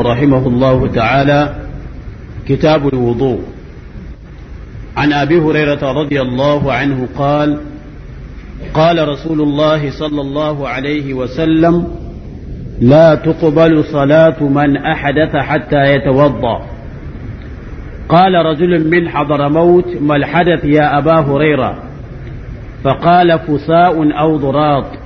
رحمه الله تعالى كتاب الوضوء عن أبي هريرة رضي الله عنه قال قال رسول الله صلى الله عليه وسلم لا تقبل صلاة من أحدث حتى يتوضأ قال رجل من حضرموت ما الحدث يا أبا هريرة فقال فساء أو ضراط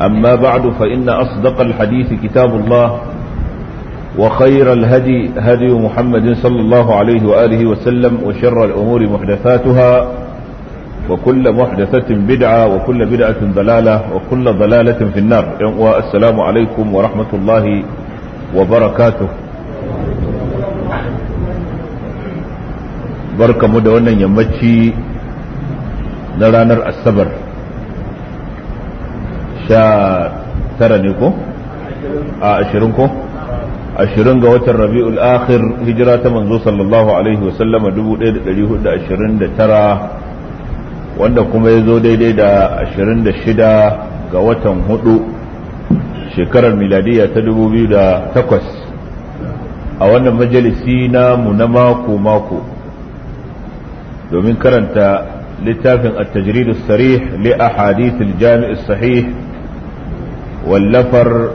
أما بعد فإن أصدق الحديث كتاب الله وخير الهدي هدي محمد صلى الله عليه وآله وسلم وشر الأمور محدثاتها وكل محدثة بدعة وكل بدعة ضلالة وكل ضلالة في النار والسلام عليكم ورحمة الله وبركاته بركة مدونة يمتشي نرانر السبر sha tara ne ko a ashirin ko ashirin ga watan rabi'ul akhir hijira ta manzo sallallahu alaihi wasallama dubu ɗaya da ɗari hudu ashirin da tara wanda kuma ya zo daidai da ashirin da shida ga watan hudu shekarar miladiya ta dubu biyu da takwas a wannan majalisi namu na mako-mako domin karanta littafin a tajridus sarih li ahadith al sahih wallafar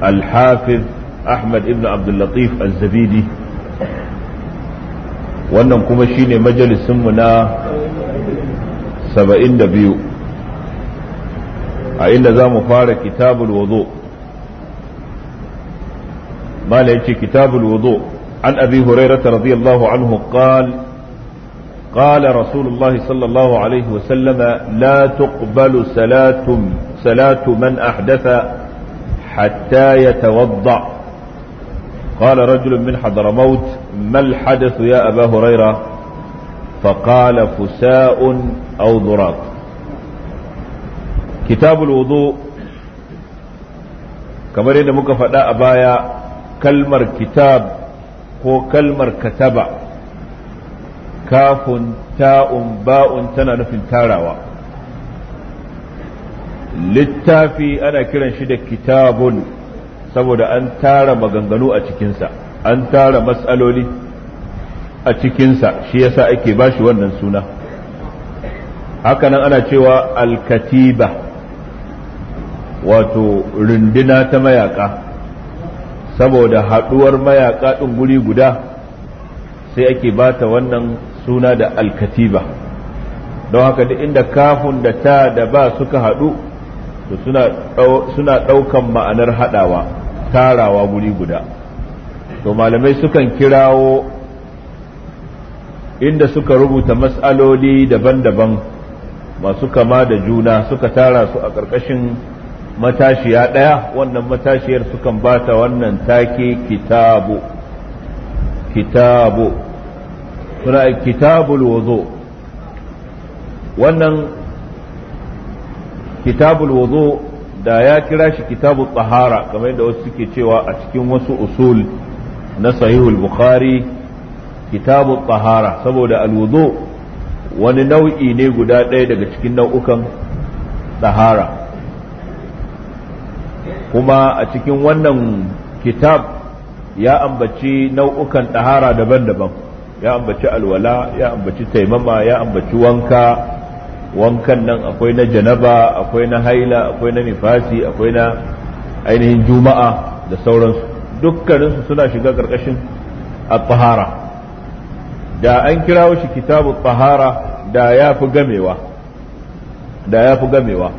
alhafiz ahmad ibn abdullatif al-zabidi wannan kuma shine majalisinmu na saba'in da biyu a inda za mu fara kitabul wudu mala yace kitabul wudu an abi hurairah radiyallahu anhu qala قال رسول الله صلى الله عليه وسلم لا تقبل صلاة صلاة من أحدث حتى يتوضع قال رجل من حضرموت ما الحدث يا أبا هريرة فقال فساء أو ضراب كتاب الوضوء كما رأينا muka أبايا كلمر كتاب هو كلمر ko Kafin ta'un ba'un tana nufin tarawa littafi ana kiran shi da kitabun saboda an tara maganganu a cikinsa an tara matsaloli a cikinsa shi yasa ake bashi wannan suna hakanan ana cewa alkatiba wato runduna ta mayaka saboda haɗuwar mayaka ɗin guri guda sai ake bata wannan suna da alkatiba don haka duk inda kafun da ta da ba suka haɗu to suna ɗaukan ma'anar haɗawa tarawa guri guda to malamai sukan kirawo inda suka rubuta matsaloli daban-daban masu kama da juna suka tara su a ƙarƙashin matashiya ɗaya wannan matashiyar sukan bata wannan take kitabu kitabu suna kitabul wudu wannan kitabul wazo da ya kira shi kitabu tsahara kamar yadda wasu suke cewa a cikin wasu usul na sahihul bukhari kitabu tsahara saboda alwuzo wani nau'i ne guda ɗaya daga cikin nau'ukan tsahara kuma a cikin wannan kitab ya ambaci nau'ukan tsahara daban-daban ya ambaci alwala ya ambaci taimama ya ambaci wanka wankan nan akwai na janaba akwai na haila akwai na nifasi akwai na ainihin juma'a da sauransu dukkaninsu suna shiga ƙarƙashin at-tahara da an kira shi kitabu tahara da ya fi gamewa da ya fi gamewa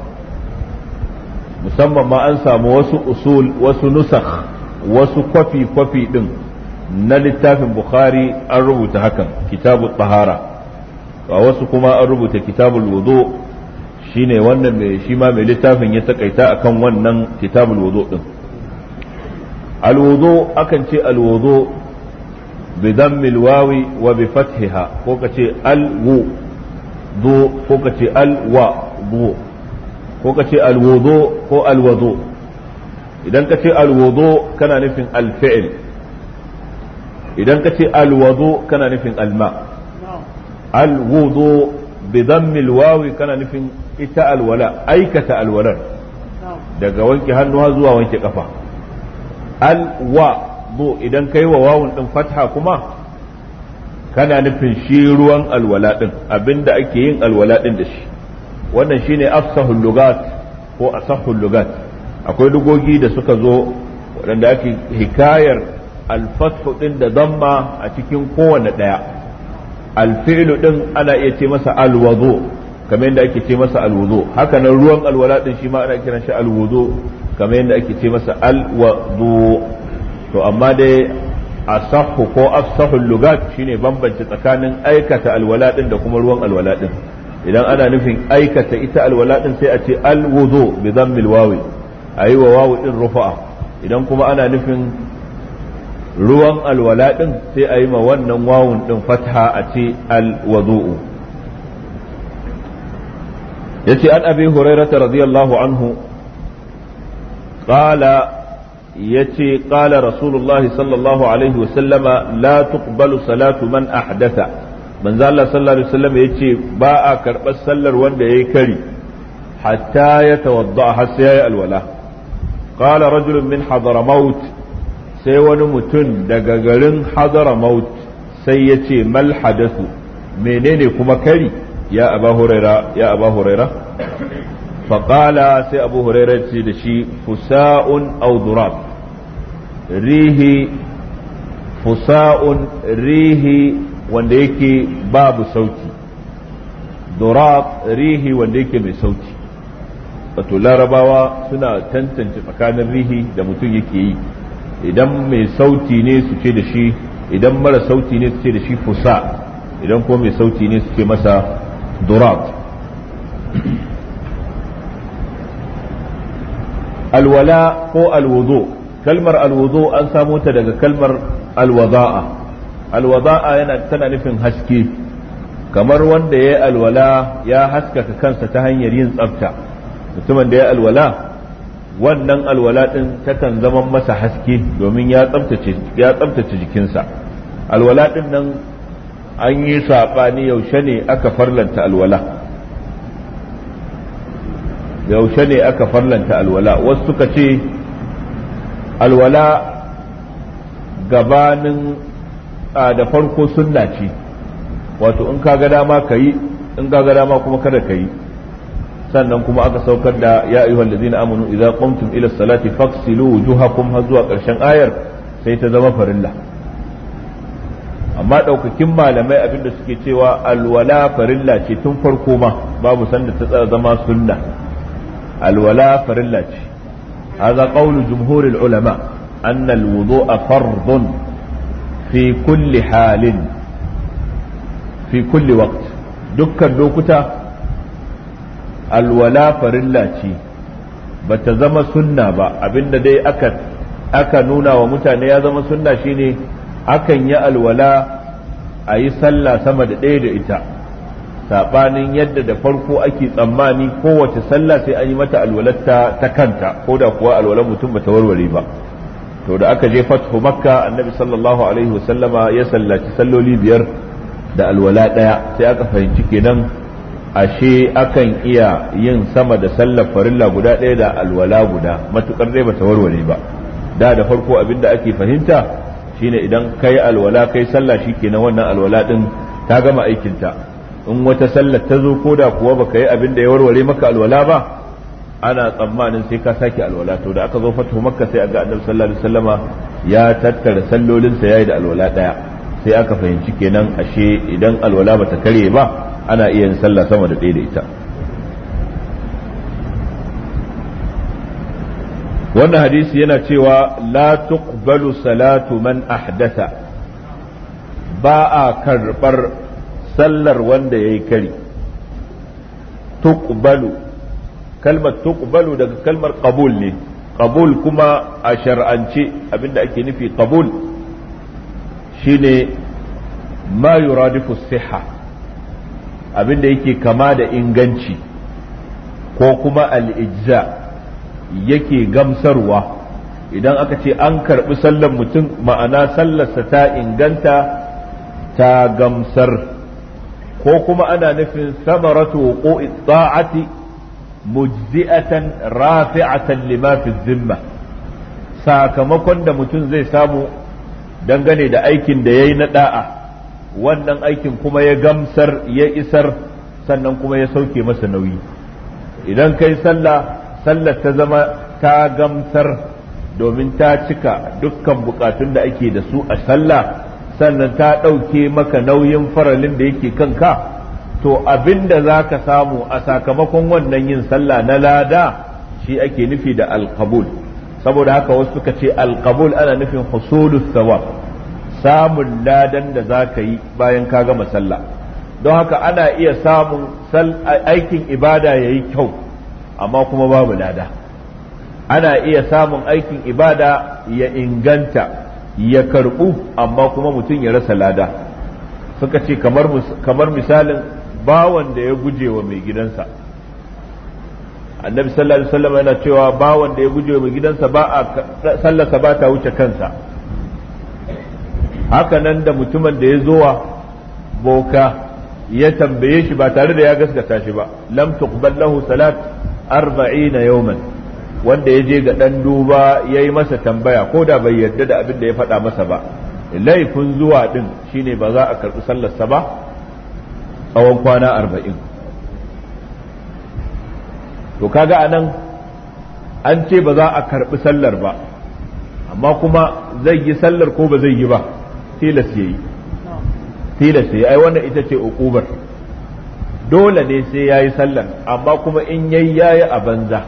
musamman ma an samu wasu usul wasu nusakh wasu kwafi-kwafi din na littafin bukhari an rubuta hakan kitabu tsahara a wasu kuma an rubuta kitabul wudu shine wannan mai shi ma mai littafin ya takaita akan wannan kitabul wudu din alwudu akan ce alwudu bi dammil wawi wa bi fathiha ko kace alwu do ko kace alwa du ko kace alwudu ko alwudu idan kace alwudu kana nufin alfi'l idan ka ce alwazo kana nufin alma alwudu bi wawi kana nufin ita alwala aikata alwalar daga wanke hannuwa zuwa wanke kafa alwa bu idan kai wa wawun din fatha kuma kana nufin shi ruwan alwala din abinda ake yin alwala din da shi wannan shine afsahul lugat ko asahul lugat akwai dugogi da suka zo waɗanda ake hikayar alfathu ɗin da zamma a cikin kowane ɗaya alfi'lu ɗin ana iya ce masa alwazo kamar yadda ake ce masa alwazo haka nan ruwan alwala din shi ma ana kiran shi alwazo kamar yadda ake ce masa alwazo to amma dai a sahu ko afsahul lugat shine bambance tsakanin aikata alwala din da kuma ruwan alwala din idan ana nufin aikata ita alwala din sai a ce alwazo bi dhammil wawi ayi wa wawu din rufa'a idan kuma ana nufin ruwan alwala din sai a yi ma wannan wawun din fataha a ce alwadu'u yace an abin hurairata radiyallahu anhu qala yace qala rasulullahi sallallahu alaihi wasallama la tuqbalu salatu man ahdatha manzo Allah sallallahu alaihi wasallam yace ba a karɓar sallar wanda yayi kari hatta ya tawadda har sai yayi alwala qala rajulun min hadramaut sai wani mutum daga garin hadara maut sai ya ce mal hadasu menene kuma kari ya aba huraira ya aba huraira faƙala sai abu huraira ce da shi fusa'un au durab rihi fusa'un rihi wanda yake babu sauti durab rihi wanda yake mai sauti wato larabawa suna tantance tsakanin rihi da mutum yake yi idan mai sauti ne su ce da shi idan mara sauti ne su ce da shi fusa idan ko mai sauti ne su ce masa durat alwala ko alwudu kalmar alwudu an samo ta daga kalmar alwaza'a alwaza'a yana tana nufin haske kamar wanda ya yi alwala ya haskaka kansa ta hanyar yin tsafta mutumin da ya alwala wannan alwala ɗin takan zama masa haske domin ya tsabtace jikinsa alwala ɗin nan an yi saɓani yaushe ne aka farlanta alwala yaushe ne aka farlanta alwala wasu suka ce alwala gabanin da farko sunna ce wato in ka ga dama ka yi in ka ga dama kuma kada ka yi sannan kuma aka saukar da ya ayyuhal ladina amanu idza qumtum ila salati faghsilu wujuhakum har zuwa karshen ayar sai ta zama farilla amma daukakin malamai abinda suke cewa alwala farilla ce tun farko ma babu sanda ta tsara zama sunna alwala farilla ce hadha qawlu jumhuril ulama anna alwudu'a fardun fi kulli halin fi kulli waqt dukkan lokuta alwala farilla ce ba ta zama sunna ba abinda dai aka aka nuna wa mutane ya zama sunna shine akan yi alwala a yi sallah sama da ɗaya da ita saɓanin yadda da farko ake tsammani kowace sallah sai an yi mata alwalarta ta kanta ko da kuwa alwalar mutum ba ta warware ba to da aka je fathu makka annabi sallallahu alaihi wasallama ya sallaci salloli biyar da alwala ɗaya sai aka fahimci kenan ashe akan iya yin sama da sallar farilla guda ɗaya da alwala guda matukar dai bata warware ba da da farko abinda ake fahimta shine idan kai alwala kai sallah shikenan wannan alwala din ta gama aikinta in wata sallar ta zo koda kuwa baka yi abin da ya warware maka alwala ba ana tsammanin sai ka sake alwala to da aka zo fatu makka sai aga annabi sallallahu alaihi wasallama ya tattara sallolinsa yayi da alwala daya sai aka fahimci kenan ashe idan alwala bata kare ba ana iya yin sallah sama da ɗaya da ita wannan hadisi yana cewa la tuqbalu salatu man ahdatha ba a karɓar sallar wanda ya yi kari tuqbalu kalmar tuqbalu daga kalmar qabul ne qabul kuma a shar'ance abinda ake nufi qabul shine ma yuradifu siha abin da yake kama da inganci ko kuma al'ijza yake gamsarwa idan aka ce an karɓi sallar mutum ma'ana sallarsa ta inganta ta gamsar ko kuma ana nufin samaratu ko tsa’ati mujzi'atan rafi'atan limafin zimma sakamakon da mutum zai samu dangane da aikin da ya yi na ɗa'a. wannan aikin kuma ya gamsar ya isar sannan kuma ya sauke masa nauyi idan kai sallah sallar ta zama ta gamsar domin ta cika dukkan bukatun da ake da su a sallah sannan ta ɗauke maka nauyin faralin da yake kanka to abin da za ka samu a sakamakon wannan yin sallah na lada shi ake nufi da alkabul saboda haka wasu suka ce alkabul ana nufin husulus sawab samun ladan da za ka yi bayan ka gama sallah don haka ana iya samun aikin ibada ya yi kyau amma kuma babu lada ana iya samun aikin ibada ya inganta ya karɓu amma kuma mutum ya rasa lada suka ce kamar misalin bawan da ya guje wa mai gidansa annabi sallallahu alaihi wasallam yana cewa bawan da ya guje wa mai gidansa ba a sallarsa ba ta wuce kansa haka nan da mutumin da ya zowa boka ya tambaye shi ba tare da ya gaskata shi ba lam tuqbal lahu salat 40 yawman wanda ya je ga dan duba yayi masa tambaya ko da bai yarda da abin da ya faɗa masa ba laifin zuwa din shine ba za a karɓi sallarsa ba tsawon kwana arba'in to kaga anan an ce ba za a karɓi sallar ba amma kuma zai yi sallar ko ba zai yi ba tilas yayi tilas yayi ai wannan ita ce uqubar dole ne sai yayi sallan amma kuma in yayi yayi a banza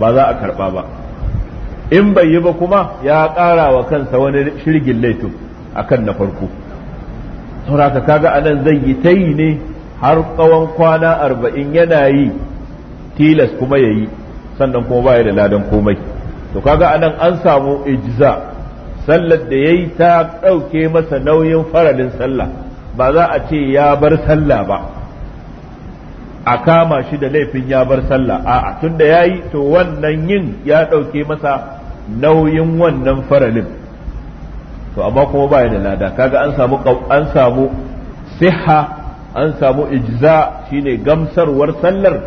ba za a karba ba in bai yi ba kuma ya ƙara wa kansa wani shirgin laifin akan na farko sauraka kaga anan zai yi ta yi ne har tsawon kwana arba'in yana yi tilas kuma ya yi sannan kuma ba ya da ladan komai to kaga anan an samu ijza sallar da ya yi ta ɗauke masa nauyin faralin sallah ba za a ce ya bar sallah ba a kama shi da laifin ya bar sallah a'a tun da ya yi to wannan yin ya ɗauke masa nauyin wannan faralin to amma kuma ba da lada kaga an samu an samu siha an samu ijza shine gamsarwar sallar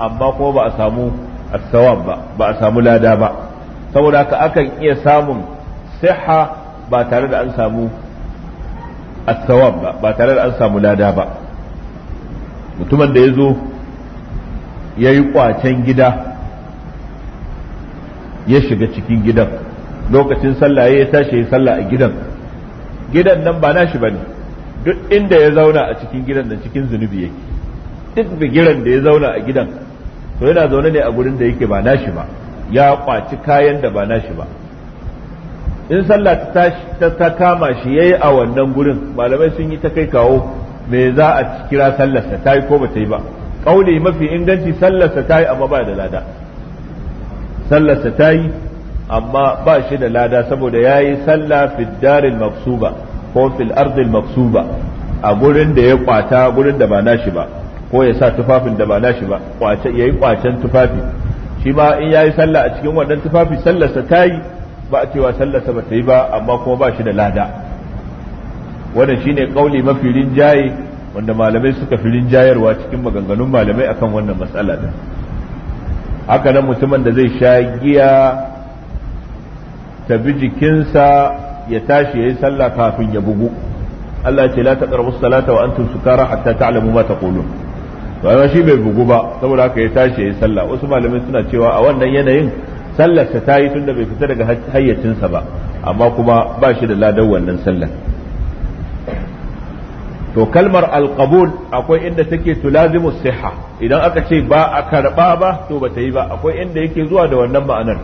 amma kuma ba a samu as ba ba a samu lada ba saboda haka akan iya samun siha ba tare da an samu as-sawab ba ba tare da an samu lada ba mutumin da ya zo ya yi kwacen gida ya shiga cikin gidan lokacin sallah ya tashi ya sallah a gidan gidan nan ba nashi bane duk inda ya zauna a cikin gidan nan cikin zunubi yake duk bigiran da ya zauna a gidan to yana zaune ne a gurin da yake ba nashi ba ya kwaci kayan da ba nashi ba in sallah ta kama shi yayi a wannan gurin malamai sun yi ta kai kawo me za a kira sallarsa ta yi ko ba ta yi ba kauli mafi inganci sallarsa ta yi amma ba da lada sallarsa ta yi amma ba shi da lada saboda ya yi sallah daril maksuba ko fil ardil maksuba a gurin da ya kwata gurin da ba nashi ba ko ya sa tufafin da ba nashi ba kwace yayi kwacen tufafi shi ma in yayi sallah a cikin wannan tufafi sallarsa ta yi ba a cewa sallarsa ba ta yi ba amma kuma ba shi da lada wannan shine kauli mafi rinjaye wanda malamai suka fi rinjayarwa cikin maganganun malamai akan wannan matsala da haka nan mutumin da zai sha giya ta bi jikinsa ya tashi ya yi sallah kafin ya bugu Allah ce la taqrabu salata wa antum sukara hatta ta'lamu ma taqulun to shi bai bugu ba saboda haka ya tashi yayi yi sallah wasu malamai suna cewa a wannan yanayin sallarsa ta yi tunda bai fita daga hayyacinsa ba amma kuma ba shi da ladan wannan sallar to kalmar alqabul akwai inda take tulazimu siha idan aka ce ba a karba ba to ba ta yi ba akwai inda yake zuwa da wannan ma'anar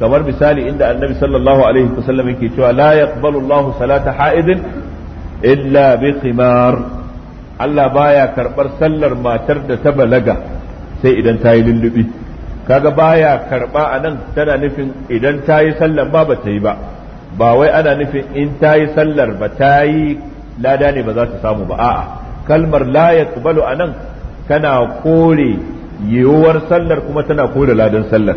kamar misali inda annabi sallallahu alaihi wasallam yake cewa la yaqbalu Allahu salata ha'idin illa bi khimar Allah baya karbar sallar matar da ta balaga sai idan ta yi lullubi kaga baya karba a nan tana nufin idan ta yi sallar ba ba ta yi ba ba wai ana nufin in ta yi sallar ba ta yi lada ne ba za ta samu ba a'a kalmar la yaqbalu a nan tana kore yiwuwar sallar kuma tana kore ladan sallar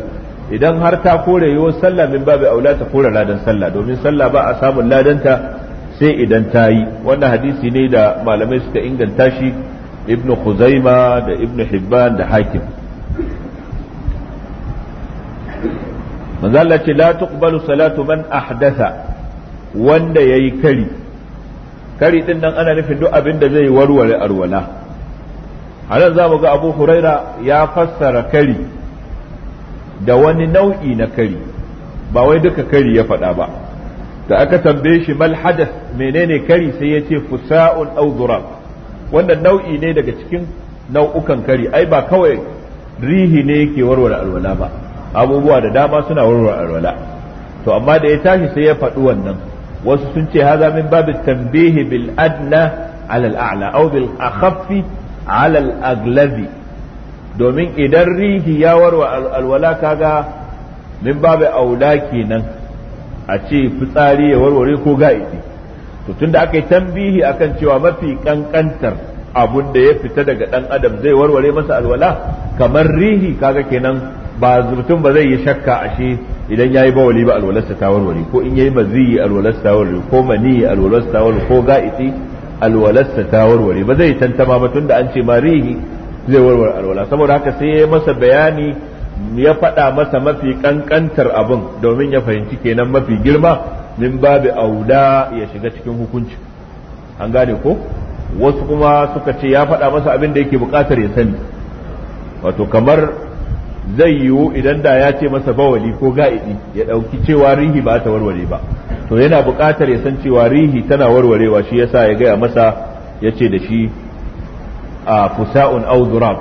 idan har ta kore yiwuwar sallar min babu aula ta kore ladan sallah domin sallah ba a samun ladanta sai idan ta yi wannan hadisi ne da malamai suka inganta shi ibnu khuzaima da ibnu hibban da hakim manzo Allah ce la tuqbalu salatu man ahdatha wanda yayi kari kari din nan ana nufin duk abin da zai warware arwala halan za mu ga Abu Huraira ya fassara kari da wani nau'i na kari ba wai duka kari ya faɗa ba da aka tambaye shi mal hadath menene kari sai ya ce fusa'un aw durab wannan nau'i ne daga cikin nau'ukan kari ai ba kawai rihi ne yake warware alwala ba abubuwa da dama suna warware alwala to amma da ya tashi sai ya faɗi wannan wasu sun ce haza min babu tambihi bil adna ala a'la aw bil akhaffi ala al domin idan rihi ya warwa alwala kaga min babu aula kenan a ce fitsari ya warware ko ga'idi to tunda aka yi tambihi akan cewa mafi kankantar abun da ya fita daga dan adam zai warware masa alwala kamar rihi kaga kenan ba mutum ba zai yi shakka ashe idan yayi bawali ba alwalarsa ta warware ko in ya yayi mazi alwalarsa ta warware ko mani alwalarsa ta warware ko ga'iti alwalarsa ta warware ba zai tantama ba da an ce rihi zai warware alwala saboda haka sai ya yi masa bayani ya faɗa masa mafi kankantar abin domin ya fahimci kenan mafi girma min babu auda ya shiga cikin hukunci an gane ko wasu kuma suka ce ya faɗa masa abin da yake bukatar ya sani wato kamar zai yiwu idan da ya ce masa bawali ko ga'idi ya ɗauki cewa rihi ba ta warware ba to yana buƙatar ya san cewa rihi tana warwarewa shi yasa ya gaya masa ya ce da shi a fusa'un aw zurab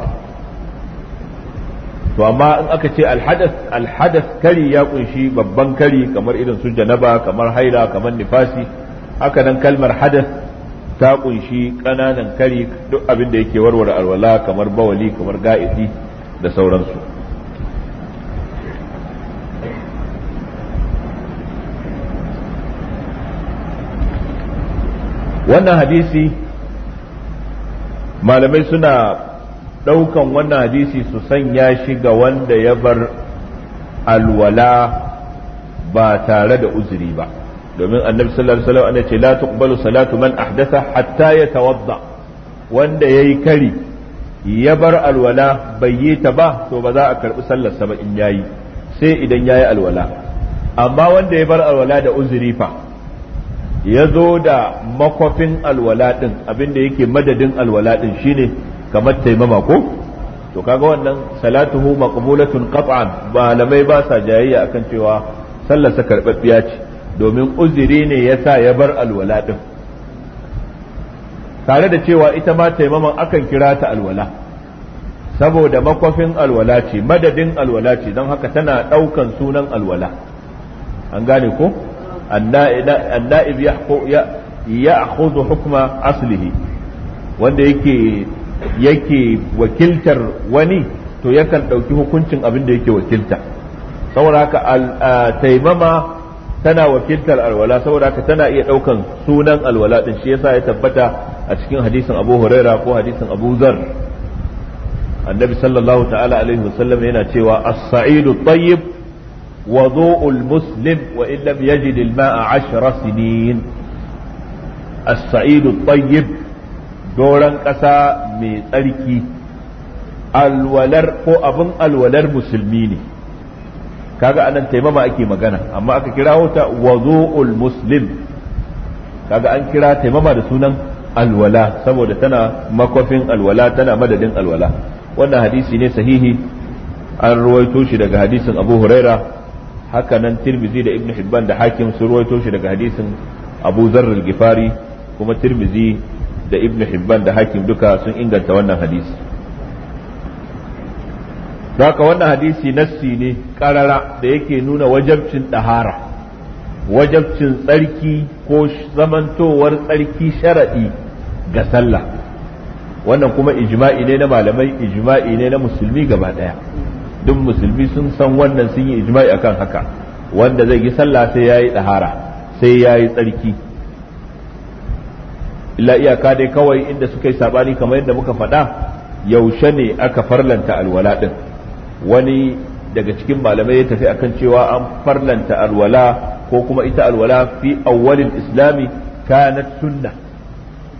to amma in aka ce alhadas alhadas kari ya kunshi babban kari kamar irin su janaba kamar haila kamar nifasi haka nan kalmar hadas ta kunshi ƙananan kari duk abin da yake warware alwala kamar bawali kamar ga'idi da sauransu wannan hadisi malamai suna ɗaukan wannan hadisi su sanya shi ga wanda ya bar alwala ba tare da uzuri ba domin annabi sallallahu alaihi wasallam ce la tuqbalu salatu man ahdatha hatta yatawadda wanda yayi kari ya bar alwala bai yi ta ba to ba za a karbi sallar sa ba in yayi sai idan yayi alwala amma wanda ya bar alwala da uzuri fa ya zo da makwafin alwala ɗin abinda yake madadin alwala ɗin shine kamar taimama ko to kaga wannan salatuhu maqbulatun qat'an malamai ba sa jayayya akan cewa sallar sa ce domin uzuri ne ya sa ya bar alwala ɗin tare da cewa ita ma taimaman akan kira ta alwala saboda makwafin alwala ce madadin alwala ce don haka tana ɗaukan sunan alwala an gane ko anna'ib ya akhudhu hukma aslihi wanda yake yake wakiltar wani to yakan ɗauki hukuncin abin da yake wakilta saboda haka taimama tana wakiltar alwala saboda haka tana iya ɗaukan sunan alwala din shi yasa ya tabbata a cikin hadisin abu huraira ko hadisin abu zar annabi sallallahu ta'ala alaihi wasallam yana cewa as-sa'idu tayyib وضوء المسلم وإن لم يجد الماء عشر سنين السعيد الطيب دورا ƙasa mai tsarki. alwalar ko abin alwalar musulmi ne kaga anan taimama ake magana amma aka kira wata wazo'ul muslim kaga an kira taimama da sunan alwala saboda tana makwafin alwala tana madadin alwala wannan hadisi ne sahihi an ruwaito shi daga hadisin abu huraira haka nan tirmizi da ibn hibban da hakim sun ruwaito shi daga hadisin abu zarrul gifari kuma tirmizi da ibn hibban da hakim duka sun inganta wannan hadisi haka wannan hadisi nassi ne karara da yake nuna wajabcin dahara wajabcin tsarki ko zamantowar tsarki sharaɗi ga sallah wannan kuma ijma'i ne na malamai ijma'i ne na musulmi gaba ɗaya duk musulmi sun san wannan sun yi ijma'i akan haka wanda zai yi sallah sai ya yi ɗahara sai yayi tsarki illa iyaka dai kawai inda suka yi saɓani kamar yadda muka faɗa yaushe ne aka farlanta alwala ɗin? wani daga cikin malamai ya tafi akan cewa an farlanta alwala ko kuma ita alwala fi awwalin islami kanat sunna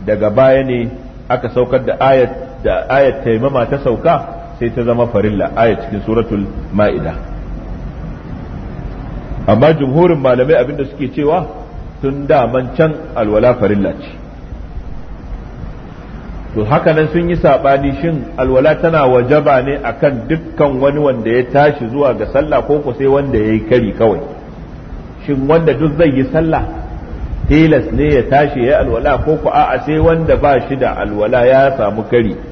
daga baya ne aka saukar da ayat da ayat taimama ta sauka sai ta zama farilla aya cikin suratul ma'ida amma jumhurin malamai abinda suke cewa tun daman can alwala farilla ce to haka nan sun yi saɓani shin alwala tana wajaba ne akan dukkan wani wanda ya tashi zuwa ga sallah ko ko sai wanda ya yi kari kawai shin wanda duk zai yi sallah tilas ne ya tashi ya alwala ko ko a'a sai wanda ba shi da alwala ya samu kari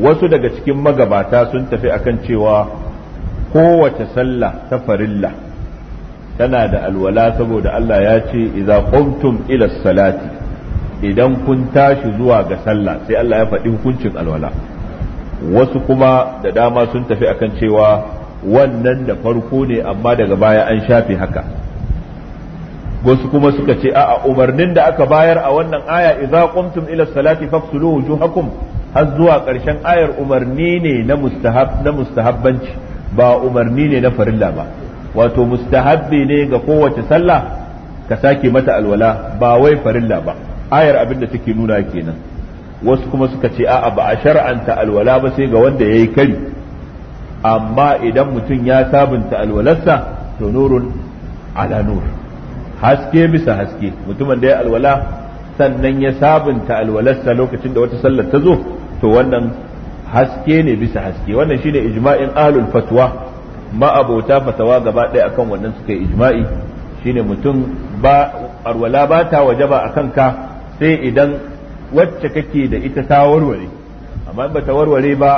wasu daga cikin magabata sun tafi akan cewa kowace sallah ta farilla tana da alwala saboda Allah ya ce idza qumtum ila salati idan kun tashi zuwa ga sallah sai Allah ya faɗi hukuncin alwala wasu kuma da dama sun tafi akan cewa wannan da farko ne amma daga baya an shafe haka wasu kuma suka ce a'a umarnin da aka bayar a wannan aya idza qumtum ila salati fafsulu wujuhakum har zuwa ƙarshen ayar umarni ne na mustahab mustahabbanci ba umarni ne na farilla ba wato mustahabbi ne ga kowace sallah ka sake mata alwala ba wai farilla ba ayar abin da take nuna kenan wasu kuma suka ce a'a ba a shar'anta alwala ba sai ga wanda ya yi kari amma idan mutum ya sabunta alwalarsa to nurun ala nur haske bisa haske mutumin da ya alwala sannan ya sabunta alwalarsa lokacin da wata sallar ta zo to wannan haske ne bisa haske wannan shine ijma'in ahlul fatwa ma'abota fatawa gaba ɗaya akan wannan suka yi ijma'i shine mutum ba arwala ba ta wajaba akan ka sai idan wacce kake da ita ta warware amma in ta warware ba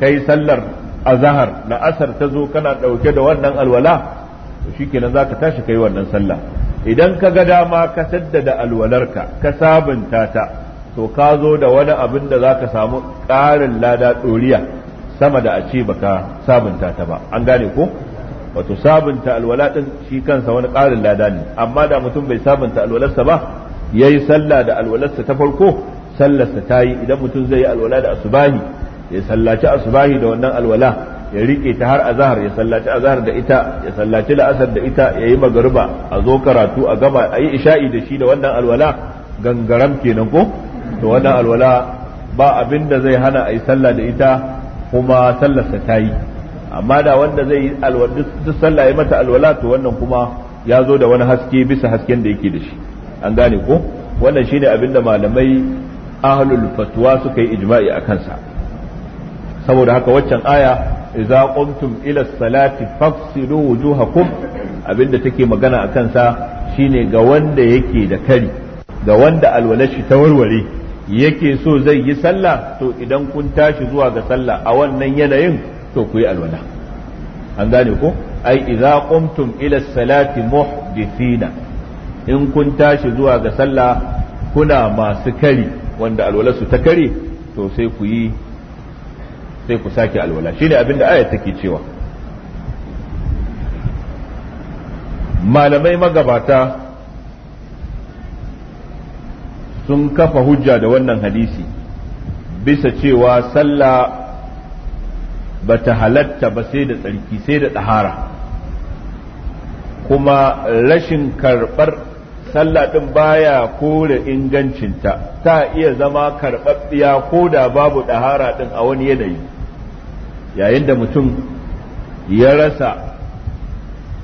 kai sallar azahar na asar ta zo kana ɗauke da wannan alwala shikenan zaka tashi kai wannan sallah idan ka ga dama ka saddada alwalarka ka sabunta ta to ka zo da wani abin da za ka samu ƙarin lada ɗoriya sama da a ce baka sabunta ta ba an gane ko wato sabunta alwala ɗin shi kansa wani ƙarin lada ne amma da mutum bai sabunta alwalarsa ba ya yi sallah da alwalarsa ta farko sallarsa ta yi idan mutum zai yi alwala da asubahi ya sallaci asubahi da wannan alwala ya riƙe ta har azahar ya sallaci azahar da ita ya sallaci la'asar da ita ya yi magariba a zo karatu a gama a yi isha'i da shi da wannan alwala gangaram kenan ko to wannan alwala ba abin da zai hana a yi sallah da ita kuma sallarsa ta yi amma da wanda zai yi duk sallah ya mata alwala to wannan kuma ya zo da wani haske bisa hasken da yake da shi an gane ko wannan shine abin da malamai ahlul fatwa suka yi ijma'i a kansa saboda haka waccan aya idza qumtum ila salati fafsilu wujuhakum abinda take magana a kansa shine ga wanda yake da kari ga wanda alwalashi ta warware yake so zai yi sallah to idan kun tashi zuwa ga sallah a wannan yanayin to ku yi alwala an gane ko ai idza qumtum ila salati muhdithina in kun tashi zuwa ga sallah kuna masu kari wanda alwala su ta kare to sai ku yi sai ku sake alwala shine abin da aya take cewa malamai magabata sun kafa hujja da wannan hadisi bisa cewa sallah ba ta halatta ba sai da tsarki sai da ɗahara kuma rashin karɓar sallah ɗin baya kore ingancinta ta iya zama karɓaɓɓiya ko da babu ɗahara ɗin a wani yanayi yayin da mutum ya rasa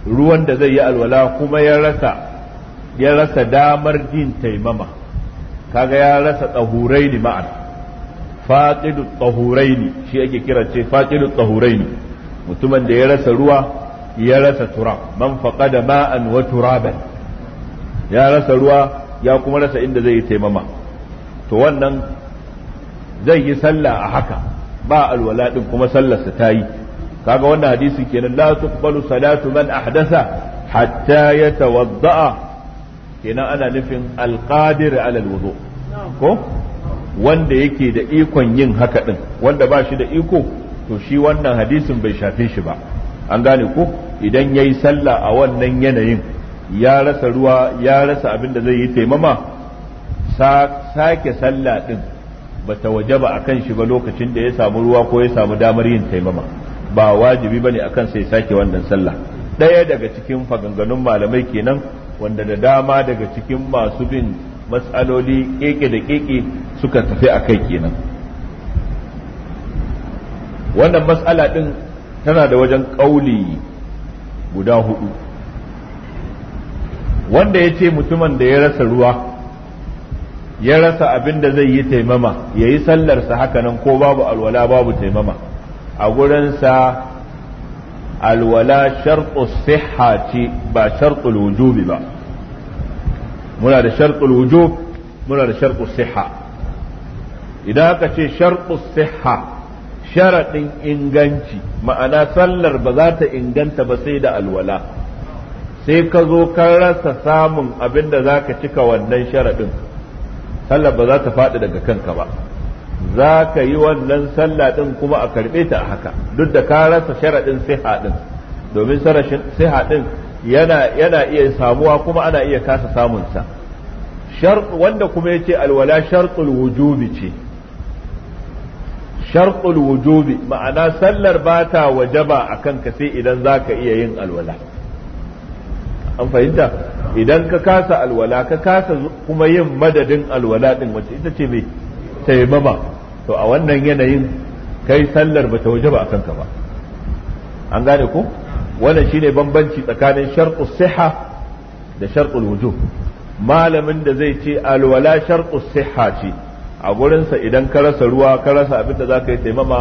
ruwan da zai yi alwala kuma ya rasa ya rasa damar jin taimama kaga ya rasa tsahuraini ma'an faqidu tsahuraini shi ake kira ce faqidu tsahuraini mutumin da ya rasa ruwa ya rasa turab man faqada ma'an wa turaban ya rasa ruwa ya kuma rasa inda zai yi taimama to wannan zai yi sallah a haka ba alwala din kuma sallarsa ta yi kaga wannan hadisi kenan la tuqbalu salatu man ahdasa hatta yatawadda'a kenan ana nufin alqadir ala alwudu ko wanda yake da ikon yin haka din wanda ba shi da iko to shi wannan hadisin bai shafe shi ba an gane ko idan yayi sallah a wannan yanayin ya rasa ruwa ya rasa abin da zai yi taimama sake sallah din ba ta bata wajaba kan shi ba lokacin da ya samu ruwa ko ya samu damar yin taimama ba wajibi ba bane akan sai sake wannan sallah ɗaya daga cikin faganganun malamai kenan wanda da dama daga cikin masu bin matsaloli keke da keke suka tafi a kai kenan wannan matsala ɗin tana da wajen ƙauli guda hudu wanda ya ce mutumin da ya rasa ruwa ya rasa abin da zai yi taimama ya yi sallarsa hakanan ko babu alwala babu taimama a gurinsa alwala shartu siha ce ba shartul wujubi ba muna da shartul wujub muna da shartu sihha idan aka ce shartu siha sharaɗin inganci ma'ana sallar ba za ta inganta ba sai da alwala sai ka zo ka rasa samun abin da za ka cika wannan sharaɗin sallar ba za ta faɗi daga kanka ba za ka yi wannan sallah ɗin kuma a karɓe ta a haka duk da ka rasa sharaɗin siha din domin siha ɗin yana yana iya samuwa kuma ana iya kasa samunsa wanda kuma ya ce alwala shartul wujubi ce shartul wujubi ma'ana sallar ba ta wajaba akan ka sai idan za ka iya yin alwala an fahimta idan ka kasa alwala ka kasa kuma yin madadin alwala din wacce ita ce mai taimama to a wannan yanayin kai sallar ba ta waje ba a kanka ba an gane ku wannan shine bambanci tsakanin sharqu siha da sharqu wujub malamin da zai ce alwala sharɗu siha ce a gurinsa idan ka rasa ruwa ka rasa abin da zaka yi taimama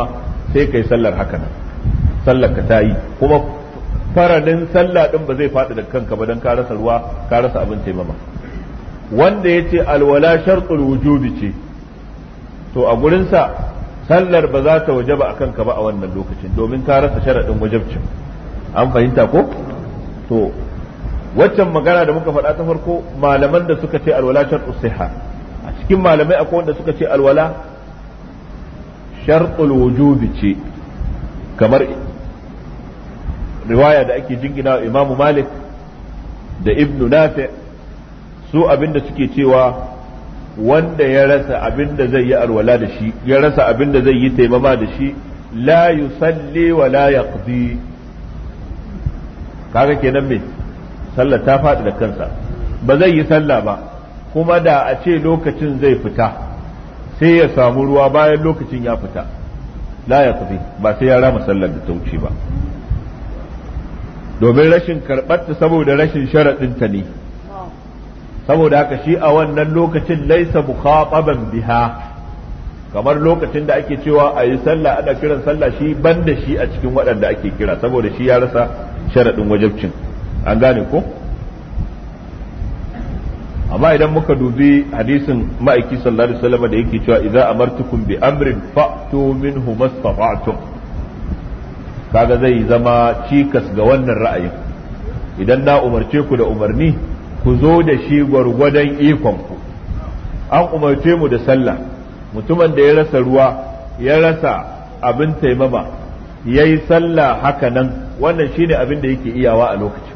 sai kai sallar haka nan sallar ka ta yi kuma faradin sallah din ba zai faɗi da kanka ba dan ka rasa ruwa ka rasa abin taimama wanda ya ce alwala shartul wujubi ce to a gurinsa sallar ba za ta wajaba a kanka ba a wannan lokacin domin ka rasa sharaɗin wajabcin an fahimta ko to waccan magana da muka faɗa ta farko malaman da suka ce alwala shartu siha a cikin malamai akwai wanda suka ce alwala shartul wujubi ce kamar riwaya da ake jingina imamu malik da ibnu nafi su abinda suke cewa wanda ya rasa abin da zai yi alwala da shi ya rasa abin da zai yi taimama da shi la yusalli wa la yaqdi kaga kenan me sallar ta faɗi da kansa ba zai yi sallah ba kuma da a ce lokacin zai fita sai ya samu ruwa bayan lokacin ya fita la yaqdi ba sai ya rama sallar da ta wuce ba domin rashin karɓarta saboda rashin sharaɗinta ne saboda haka shi a wannan lokacin laisa mukhataban biha kamar lokacin da ake cewa a yi sallah ana kiran sallah shi ban da shi a cikin waɗanda ake kira saboda shi ya rasa sharaɗin wajabcin an gane ko amma idan muka dubi hadisin ma'aiki sallallahu alaihi wasallam da yake cewa idza amartukum bi amrin fa'tu minhu mastata'tum kaga zai zama cikas ga wannan ra'ayin idan na umarce ku da umarni ku zo da shi gwargwadon ikonku an umarce mu da sallah mutumin da ya rasa ruwa ya rasa abin taimama ya yi sallah haka nan wannan shine abin da yake iyawa a lokaci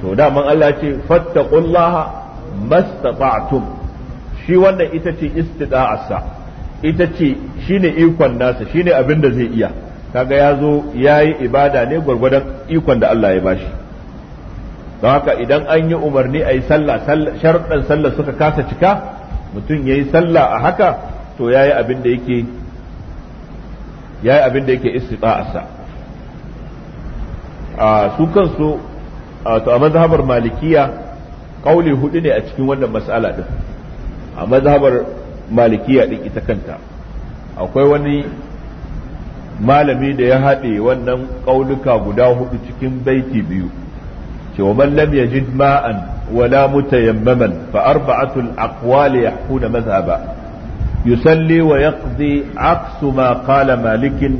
to daman Allah ce fattaqullaha mastata'tum shi wannan ita ce istida'arsa ita ce shine ikon nasa shine abin da zai iya kaga ya zo ya yi ibada ne gwargwadon ikon da Allah ya bashi don haka idan an yi umarni a yi sallah sharɗan sallah suka kasa cika mutum ya yi sallah a haka to ya yi abin da yake ya yi abin da yake istita'arsa a su kansu to a mazhabar malikiya kauli hudu ne a cikin wannan mas'ala din a mazhabar malikiya ɗin ita kanta akwai wani malami da ya haɗe wannan ƙaunuka guda hudu cikin baiti biyu ce wa man fa arba'atu al-aqwal yahkuna madhhaba yusalli wa yaqdi aksu ma qala malik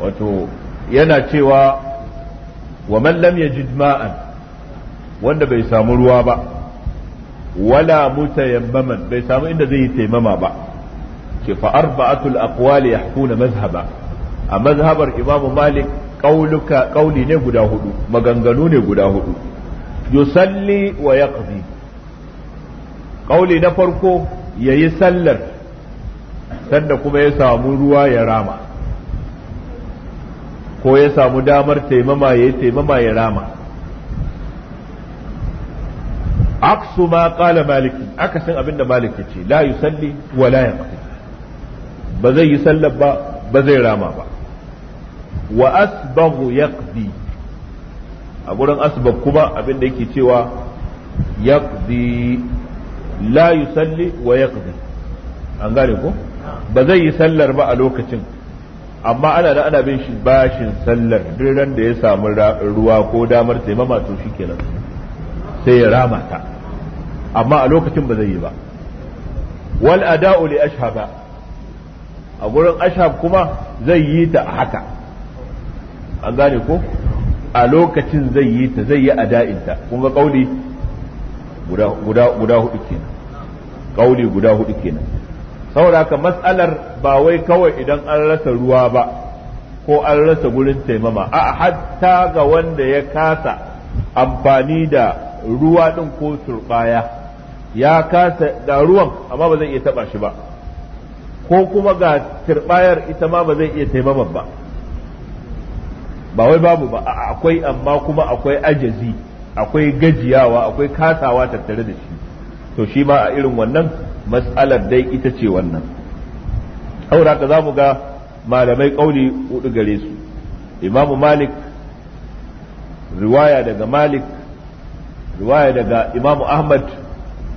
wato yana cewa wa man lam wanda bai samu ruwa ba wala bai samu inda zai yi taimama ba ce fa arba'atul aqwali yahkuna mazhaba a mazhabar imam malik qauluka qauli ne guda hudu maganganu ne guda hudu yusalli wa yaqdi qauli na farko yayi sallar sanda kuma ya samu ruwa ya rama ko ya samu damar taimama ya yi taimama ya rama aksu ma qala maliki akasin abinda maliki ce la yusalli wa la yaqdi ba zai yi sallar ba ba zai rama ba wa asbaghu yaqdi a gurin asbag kuma abin da yake cewa yaqdi la yusalli wa yaqdi an gane ko ba zai yi sallar ba a lokacin amma ana da ana bin shi bashin sallar duk ran da ya samu ruwa ko damar taimama to shikenan sai ya rama ta amma a lokacin ba zai yi ba wal ada'u li ashhaba a gurin ashab kuma zai yi ta a haka an gane ko a lokacin zai yi ta zai yi a da'inta kun ga kauli guda guda hudu kenan kauli guda hudu kenan saboda haka matsalar ba wai kawai idan an rasa ruwa ba ko an rasa gurin taimama a hatta ga wanda ya kasa amfani da ruwa din ko turbaya ya kasa da ruwan amma ba zai iya taba shi ba ko kuma ga turbayar ita ma ba zai iya taimakon ba ba wai babu ba akwai amma kuma akwai ajazi akwai gajiyawa akwai kasawa tattare da shi to shi ma a irin wannan mas'alar dai ita ce wannan haura ka za mu ga malamai kauli hudu gare su imamu malik riwaya daga malik riwaya daga imamu ahmad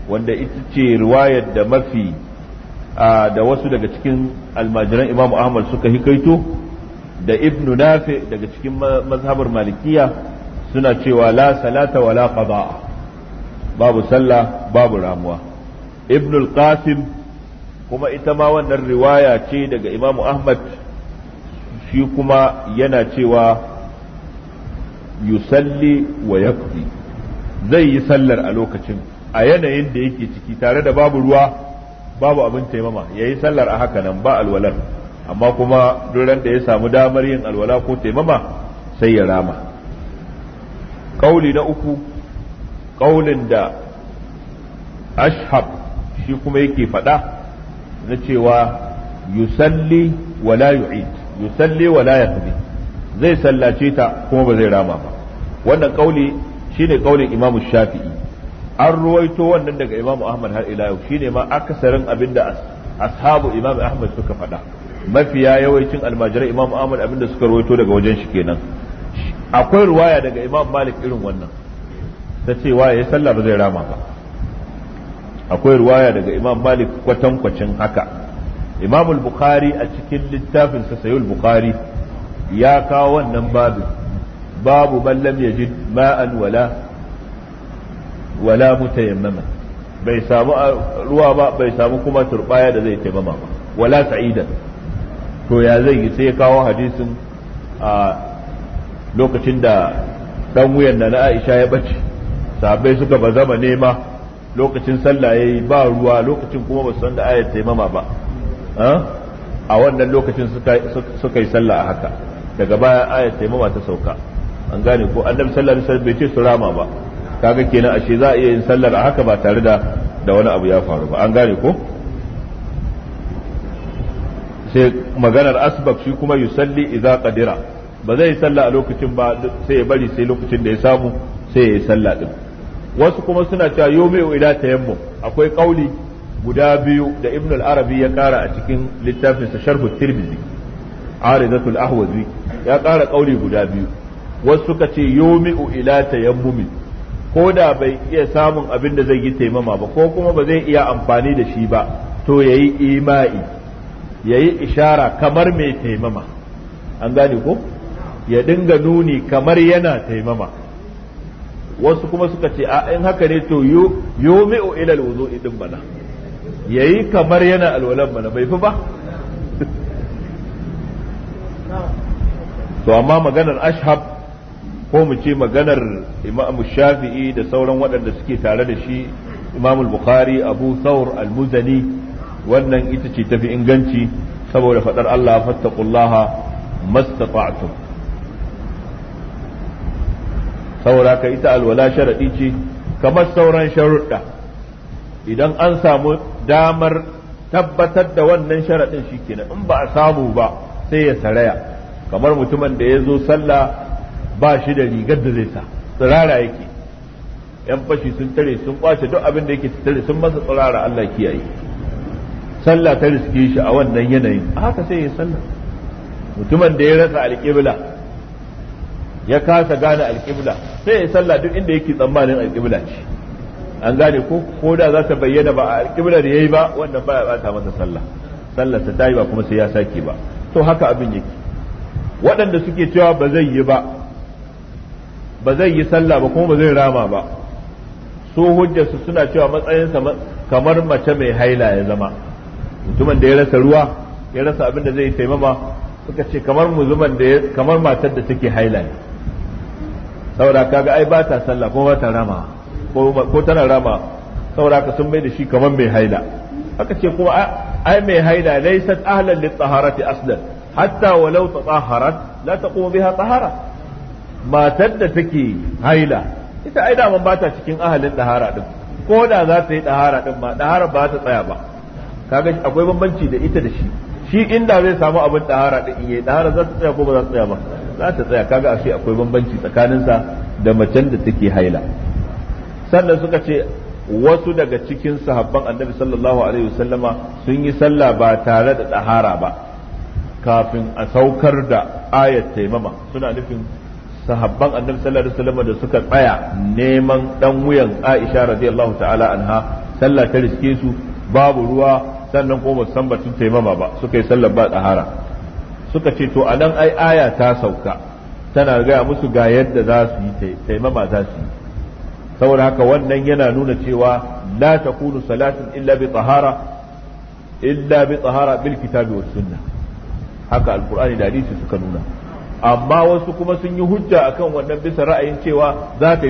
wanda ita ce riwayar da mafi da wasu daga cikin almajiran imamu ahmad suka hikaito da Ibn nafi daga cikin mazhabar malikiya suna cewa la salata wala qada'a babu sallah babu ramuwa Ibn al-qasim kuma ita ma wannan riwaya ce daga imamu ahmad shi kuma yana cewa yusalli wa yaqdi zai yi sallar a lokacin a yanayin da yake ciki tare da babu ruwa babu abin taimama ya yi sallar a haka nan ba alwalar amma kuma duran da ya samu damar yin alwala ko taimama sai ya rama ƙauli na uku ƙaulin da ashab shi kuma yake faɗa na cewa yusalli wala yu'id yusalli wala yahdi zai sallace ta kuma ba zai rama ba wannan ƙauli shine ƙaulin imamu shafi'i an ruwaito wannan daga imamu ahmad har ila yau shine ma akasarin da ashabu imamu ahmad suka faɗa mafiya yawancin almajirai imamu ahmad abinda suka ruwaito daga wajen shi kenan akwai ruwaya daga imam malik irin wannan ta ce waye ya sallah ba zai rama ba akwai ruwaya daga imam malik kwatankwacin haka imam bukhari a cikin littafin sa sayul bukhari ya kawo wannan babu babu ballam yajid ma'an wala wala mutayammama bai samu ah, ruwa ba bai samu kuma turbaya da zai taimama ba wala sa'ida to ya zai yi sai ya kawo hadisin a ah, lokacin da dan wuyan na Aisha ya bace sahabbai suka bazama nema lokacin sallah yayi ba ruwa lokacin kuma ba san da ayat taimama ba ah? a wannan lokacin suka yi sallah a haka daga baya ayat taimama ta sauka an gane ko annabi sallallahu alaihi wasallam bai ce su rama ba kaga kenan ashe za a iya yin sallar a haka ba tare da da wani abu ya faru ba an gane ko sai maganar asbab shi kuma yusalli idza qadira ba zai sallah a lokacin ba sai ya bari sai lokacin da ya samu sai ya yi sallah din wasu kuma suna cewa yomi ila tayammum akwai kauli guda biyu da ibn al-arabi ya kara a cikin littafin littafinsa sharh tirmidhi aridatul ahwazi ya kara kauli guda biyu wasu suka ce yomi ila tayammum ko da bai iya samun abin da zai yi taimama ba ko kuma ba zai iya amfani da shi ba to ya yi ima'i ya yi ishara kamar mai taimama an gane ko ya dinga nuni kamar yana taimama wasu kuma suka ce a in haka ne to yomi'u ilal wuzo idin bana ya kamar yana alwalan bana bai fi ba to amma maganar ashab ko mu ce maganar imam shafi'i da sauran waɗanda suke tare da shi imam bukhari abu thawr al-muzani wannan ita ce tafi inganci saboda faɗar Allah fattaqullaha mastata'tum saboda ka ita alwala sharadi ce kamar sauran sharuɗa idan an samu damar tabbatar da wannan sharaɗin shikenan in ba a samu ba sai ya saraya kamar mutumin da ya zo sallah ba shi da rigar da zai sa tsirara yake yan fashi sun tare sun kwace duk abin da yake tare sun masa tsirara Allah kiyaye sallah ta riske shi a wannan yanayin haka sai ya sallah mutumin da ya rasa alƙibla ya kasa gane alƙibla sai ya sallah duk inda yake tsammanin alƙibla ce an gane ko ko da za ta bayyana ba a alƙiblar yayi ba wannan baya bata masa sallah sallah ta tayi ba kuma sai ya sake ba to haka abin yake waɗanda suke cewa ba zai yi ba ba zai yi sallah ba kuma ba zai rama ba su hujjarsu suna cewa matsayinsa kamar mace mai haila ya zama mutumin da ya rasa ruwa ya rasa abin da zai yi taimama suka ce kamar muzuman da kamar matar da take haila ne saboda kaga ai ba ta sallah ko ba ta rama ko tana rama saboda ka sun mai da shi kamar mai haila aka ce kuma ai mai haila laysat ahlan lit taharati aslan hatta walau tataharat la taqumu biha tahara matar da take haila ita ai daman ba ta cikin ahalin dahara din ko da za ta yi dahara din ma ɗahara ba ta tsaya ba kaga akwai bambanci da ita da shi shi inda zai samu abin dahara din yayi ɗahara za ta tsaya ko ba za ta tsaya ba za ta tsaya kaga ashe akwai bambanci tsakaninsa da macen da take haila sannan suka ce wasu daga cikin sahabban annabi sallallahu alaihi wasallama sun yi sallah ba tare da ɗahara ba kafin a saukar da ayat taimama suna nufin sahabban annabi sallallahu alaihi wasallam da suka tsaya neman dan wuyan Aisha radiyallahu ta'ala anha sallah ta riske su babu ruwa sannan kuma san batun taimama ba suka yi sallar ba tsahara suka ce to anan ai aya ta sauka tana gaya musu ga yadda za su yi taimama za su yi saboda haka wannan yana nuna cewa la takunu salatin illa bi tsahara illa bi tsahara bil kitabi was sunna haka alqur'ani da hadisi suka nuna amma wasu kuma sun yi hujja akan wannan bisa ra'ayin cewa za ta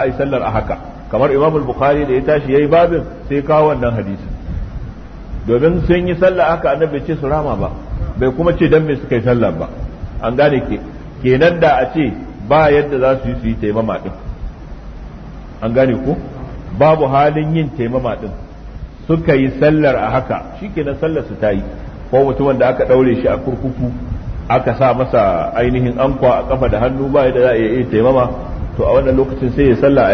a yi sallar a haka kamar Imam Bukhari da ya tashi ya yi babin sai kawo wannan hadisi domin sun yi sallah haka annabi ce su rama ba bai kuma ce dan me suka yi sallah ba an gane ke kenan da a ce ba yadda za su yi su yi taimama din an gane ko babu halin yin taimama din suka yi sallar a haka shikenan sallar su ta yi ko mutumin da aka daure shi a kurkuku aka sa masa ainihin ankwa a kafa da hannu ba da za a iya taimama to a wannan lokacin sai ya salla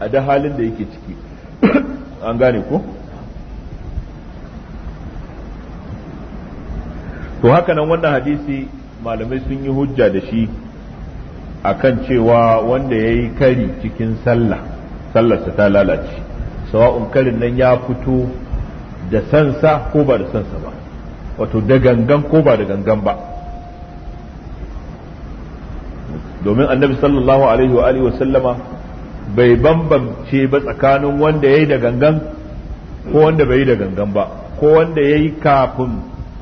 a da halin da yake ciki an gane ko to haka nan wannan hadisi malamai sun yi hujja da shi a kan cewa wanda ya yi kari cikin sallah sallarsa ta lalace sawa'un karin nan ya fito da sansa ko ba da sansa ba wato da gangan ko ba da gangan ba domin annabi sallallahu alaihi wa alihi wa sallama bai bambance ba tsakanin wanda ya yi da gangan ko wanda bai yi da gangan ba ko wanda ya yi kafin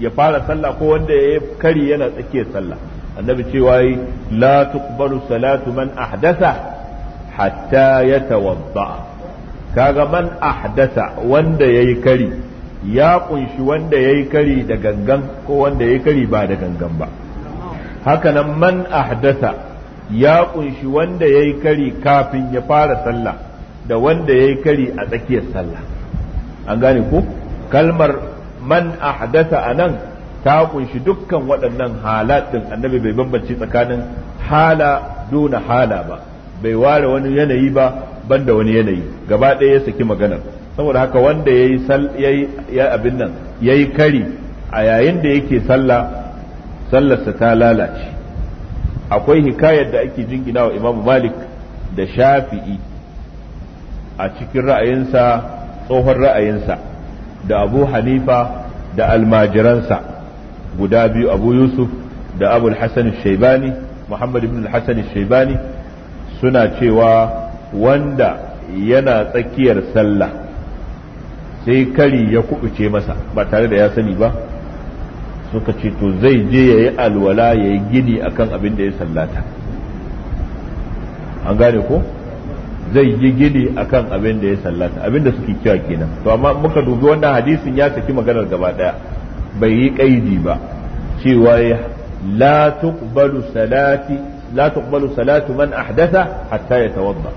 ya fara sallah ko wanda ya yi kari yana tsakiyar sallah annabi cewa yi la tuqbalu salatu man ahdasa hatta yatawadda kaga man ahdasa wanda ya yi kari ya kunshi wanda ya yi kari da gangan ko wanda ya yi kari ba da gangan ba hakanan man ahdasa ya kunshi wanda ya yi kari kafin ya fara sallah da wanda ya yi kari a tsakiyar sallah an gane ko kalmar man ahdasa a nan ta kunshi dukkan waɗannan halat ɗin annabi bai bambance tsakanin hala duna hala ba bai ware wani yanayi ba banda wani yanayi gaba ɗaya ya saki maganar saboda haka wanda yayi ya abin nan yayi kari a yayin da yake sallah sallarsa ta lalace akwai hikayar da ake jingina wa Imam Malik da Shafi'i a cikin ra'ayinsa tsohon ra'ayinsa da Abu Hanifa da almajiransa guda biyu Abu Yusuf da Abu Hassan Shaibani Muhammad ibn Hassan Shaibani suna cewa wanda yana tsakiyar sallah sai kari ya kuɓuce masa ba tare da ya sani ba suka ce to zai je ya yi alwala ya yi gini akan abin da ya sallata an gane ko zai yi gini akan abin da ya sallata abin da suke cewa kenan to amma muka dubi wannan hadisin ya saki maganar gaba daya bai yi kaidi ba cewa ya? la tuqbalu salati la tuqbalu salatu man ahdatha hatta yatawadda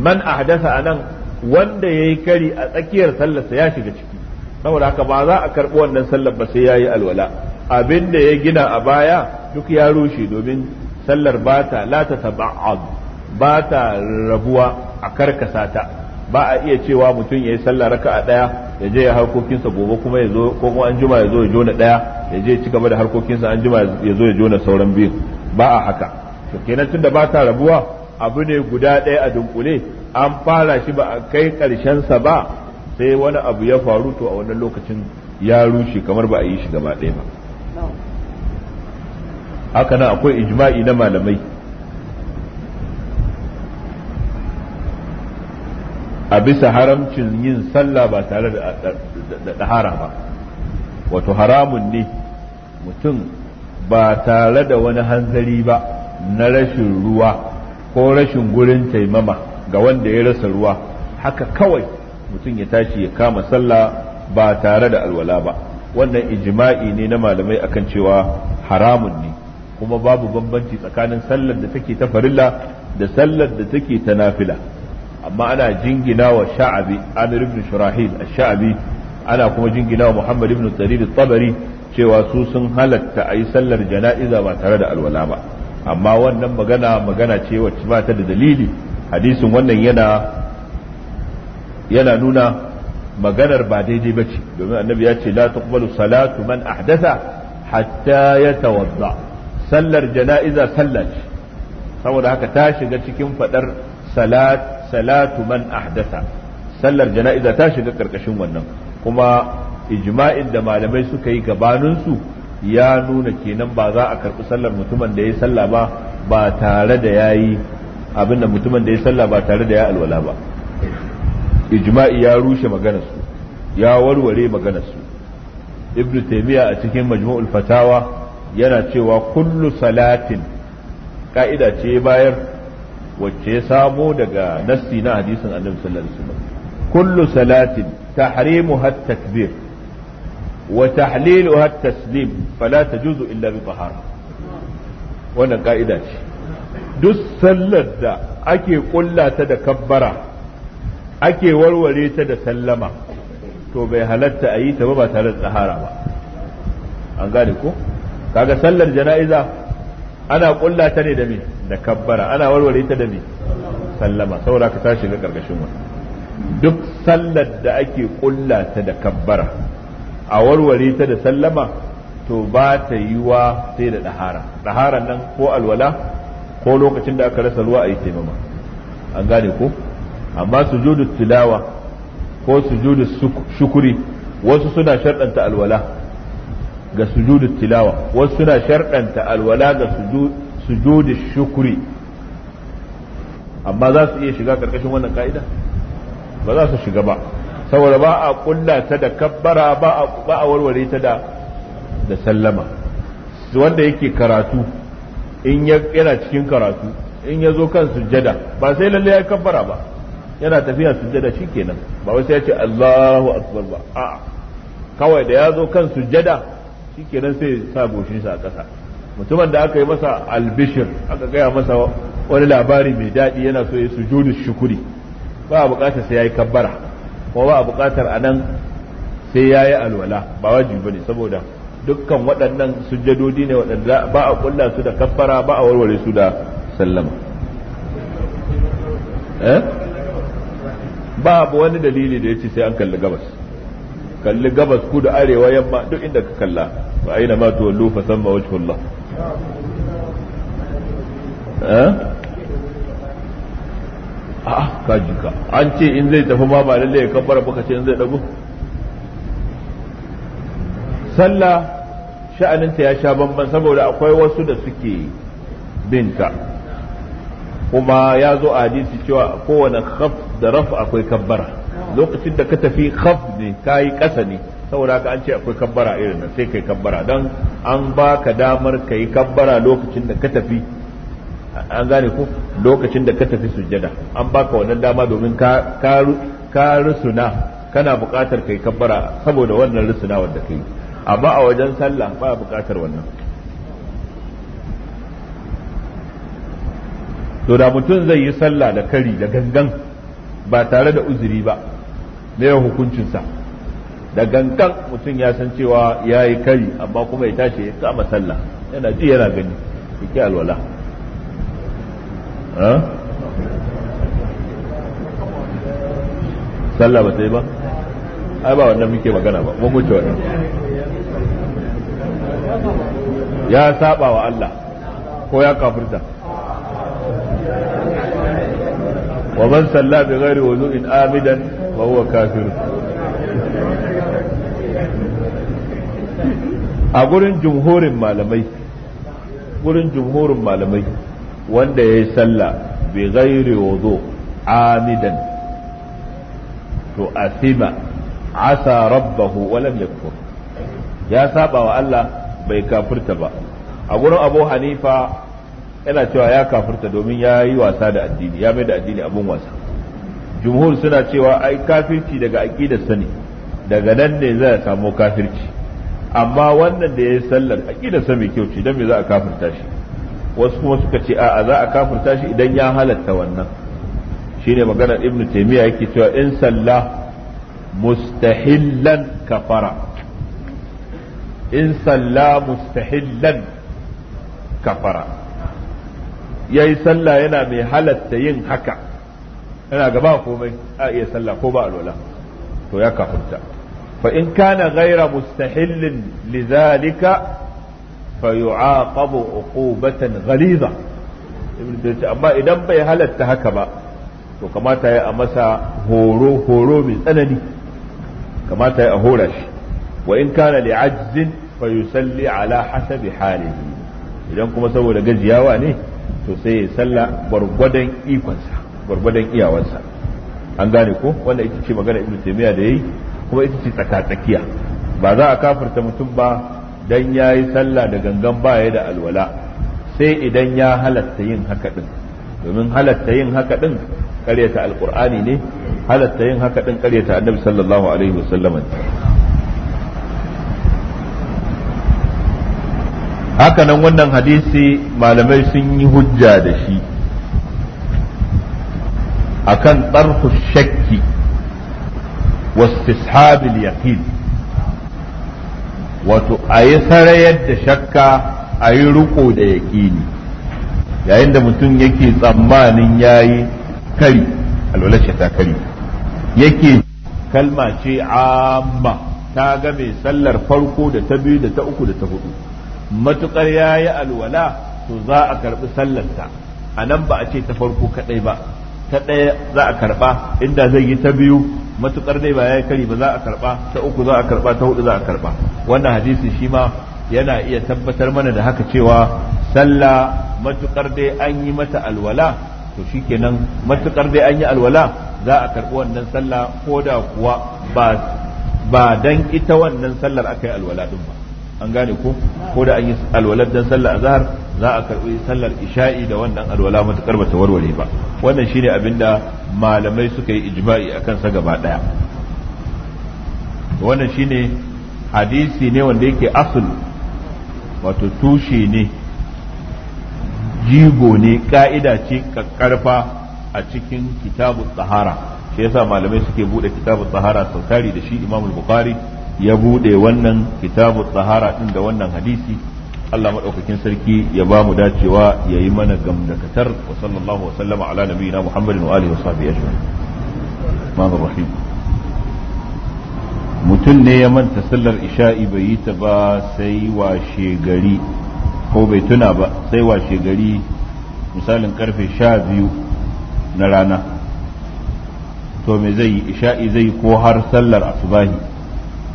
man ahdatha anan wanda ya yi kari a tsakiyar sallarsa ya shiga ciki saboda haka ba za a karɓi wannan sallar ba sai ya yi alwala abin da ya gina a baya duk ya rushe domin sallar ba ta la ta ba ta rabuwa a karkasa ta ba a iya cewa mutum ya yi sallar raka a ɗaya ya je ya harkokinsa gobe kuma ya zo ko kuma an ya zo ya jona ɗaya ya je ci gaba da harkokinsa anjima ya zo ya jona sauran biyu ba a haka to kenan tunda ba ta rabuwa abu ne guda ɗaya a dunkule an fara shi ba a kai sa ba sai wani abu ya faru to a wannan lokacin ya rushe kamar ba a yi shi gaba ɗaya ba haka nan akwai ijma'i na malamai a bisa haramcin yin sallah ba tare da ɗahara ba wato haramun ne mutum ba tare da wani hanzari ba na rashin ruwa ko rashin gurin taimama ga wanda ya rasa ruwa haka kawai mutum ya tashi ya kama sallah ba tare da alwala ba wannan ijma'i ne na malamai akan cewa haramun ne kuma babu bambanci tsakanin sallar da take ta farilla da sallar da take ta nafila amma ana jingina wa sha'abi amir ibn shurahil sha'abi ana kuma jingina wa muhammad ibn jarir tabari cewa su sun halatta a yi sallar jana'iza ba tare da alwala ba amma wannan magana magana ce wacce ba ta da dalili hadisin wannan yana yana nuna maganar ba daidai ba ce domin annabi ya ce la tuqbalu salatu man ahdatha hatta yatawadda sallar jana'iza sallah ce saboda haka ta shiga cikin fadar salat salatu man ahdatha sallar jana'iza ta shiga karkashin wannan kuma ijma'in da malamai suka yi gabaninsu ya nuna kenan ba za a karɓi sallar mutumin da ya yi sallah ba ba tare da ya yi abin da mutumin da ya salla ba tare da ya alwala ba ijma'i ya rushe maganarsu. ya warware maganarsu. su ibnu taymiya a cikin majmu'ul fatawa yana cewa kullu salatin ka'ida ce bayar wacce ya samo daga nassi na hadisin annabi sallallahu alaihi wasallam kullu salatin tahrimuha at-takbir wa tahliluha at-taslim fala tajuzu illa bi tahara wannan ka'ida ce duk sallar da ake kulla ta da kabbara ake warware ta da sallama to bai halatta a yi ta ba ba tare da tsahara ba an gane ko kaga sallar jana'iza ana kulla ta ne da me da kabbara ana warware ta da me sallama saboda ka tashi ga karkashin wannan duk sallar da ake kulla ta da kabbara a warware ta da sallama to ba ta yiwa sai da dahara daharan nan ko alwala ko lokacin da aka rasa ruwa a yi taimama an gane ko amma sujudu tilawa ko sujudu shukuri wasu suna sharɗanta alwala ga sujudu tilawa wasu suna sharɗanta alwala ga sujudu shukuri amma za su iya shiga karkashin wannan ka'ida ba za su shiga ba saboda ba a kulla ta da kabbara ba a warware ta da da sallama wanda yake karatu in yana cikin karatu in ya zo kan sujjada ba sai lalle ya kabbara ba yana tafiya sujjada shikenan ba wai sai ya ce Allahu akbar ba a'a kawai da ya zo kan sujjada shikenan sai ya sa goshin sa a ƙasa mutumin da aka yi masa albishir aka gaya masa wani labari mai daɗi yana so ya sujudu shukuri ba a buƙatar sai ya yi kabbara ko ba a buƙatar a nan sai ya yi alwala ba wajibi ne saboda dukkan waɗannan sujjadodi ne waɗanda ba a kulla su da kaffara ba a warware su da sallama eh? ba wani dalili da yace sai an kalli gabas kalli gabas ku da arewa yamma duk inda ka kalla fa aina ma tuwallu fa samma wajhullah eh a'a kaji an ce in zai tafi ma ba lalle ya kabbara baka ce in zai dago sallah sha'aninta ya sha bamban saboda akwai wasu da suke binta kuma ya zo a hadisi cewa kowane khaf da raf akwai kabbara lokacin da ka tafi khaf ne ka yi ƙasa ne saboda haka an ce akwai kabbara irin nan sai kai kabbara don an ba ka damar ka yi kabbara lokacin da ka tafi an gane ku lokacin da ka tafi sujjada an ba ka wannan dama domin ka rusuna kana buƙatar ka yi kabbara saboda wannan rusuna wanda ka yi amma a wajen sallah ba bukatar wannan to da mutum zai yi sallah da kari da gangan ba tare da uzuri ba me hukuncinsa da gangan mutum ya san cewa ya yi kari amma kuma ya tashi ya kama sallah yana ji yana gani ki alwala sallah ba ta yi ba ai ba wannan muke magana ba mun wuce wannan ya saba wa Allah ko ya kafirta wa man salla bi ghairi wudu'in amidan fa huwa kafir a gurin jumhurin malamai gurin jumhurin malamai wanda ya yi sallah bi ghairi wudu amidan to asima asa rabbahu walam yakfur ya saba wa Allah bai kafirta ba a gurin Abu Hanifa yana cewa ya kafirta domin ya yi wasa da addini ya mai da addini abun wasa jumhur suna cewa ai kafirci daga aqidar sani daga nan ne za a samu kafirci amma wannan da ya yi sallar aqidar sa mai kyau ce dan me za a kafirta shi wasu kuma suka ce a'a za a kafirta shi idan ya halatta wannan shine maganar ibnu taymiya yake cewa in sallah mustahillan kafara in salla mustahillan kafara ya yi sallah yana mai yin haka yana gaba komai a iya sallah ko ba alwala to ya kafurta fa in kana ghaira mustahillin lidhalika fa yu'aqabu uqubatan ghaliza amma idan bai halatta haka ba to kamata ya a masa horo horo mai tsanani kamata ya hora shi wa in kana li ajzin fa yusalli ala hasabi halihi idan kuma saboda gajiyawa ne to sai ya salla gwargwadon ikonsa gwargwadon iyawarsa an gane ko wanda ita ce magana ibnu taymiya da yayi kuma ita ce tsakatsakiya ba za a kafirta mutum ba dan yayi sallah da gangan ba ya da alwala sai idan ya halatta yin haka din domin halatta yin haka din ƙaryata alkur'ani ne halatta yin haka ɗin ƙaryata annabi sallallahu alaihi wasallam haka nan wannan hadisi malamai sun yi hujja da shi akan tsarfu shakki wastishabil yaqin wato a yi sarayar da shakka a yi riko da yaƙini yayin da mutum yake tsammanin yayi kari alwala ce ta kari yake kalma ce amma ta ga mai sallar farko da ta biyu da ta uku da ta hudu matukar ya yi alwala to za a karbi sallarta a nan ba a ce ta farko kadai ba ta ɗaya za a karba inda zai yi ta biyu matukar dai ba ya kari ba za a karba ta uku za a karba ta hudu za a karba wannan hadisi shi ma yana iya tabbatar mana da haka cewa sallah matukar dai an yi mata alwala to shikenan matukar dai an yi alwala za a karɓi wannan sallah ko da kuwa ba dan ita wannan sallar aka yi alwala din ba an gane ko ko da an yi alwalar dan sallar azhar za a karɓi sallar isha'i da wannan alwala matukar bata warware ba wannan shine da malamai suka yi ijma'i akan sa gaba daya wannan shine hadisi ne wanda yake asul wato tushe ne jigo ne ka'ida ce karfa a cikin kitabu tsahara shi yasa malamai suke bude kitabu tsahara sau da shi imamul bukhari ya bude wannan kitabu tsahara din da wannan hadisi Allah madaukakin sarki ya ba mu dacewa ya yi mana gamdakatar wa sallallahu wa sallama ala nabiyina muhammadin wa alihi wa sahbihi ajma'in rahim mutum ne ya manta sallar isha'i bai yi ta ba sai washe gari ko bai tuna ba sai washe gari misalin karfe sha biyu na rana to me zai yi isha'i zai ko har sallar asubahi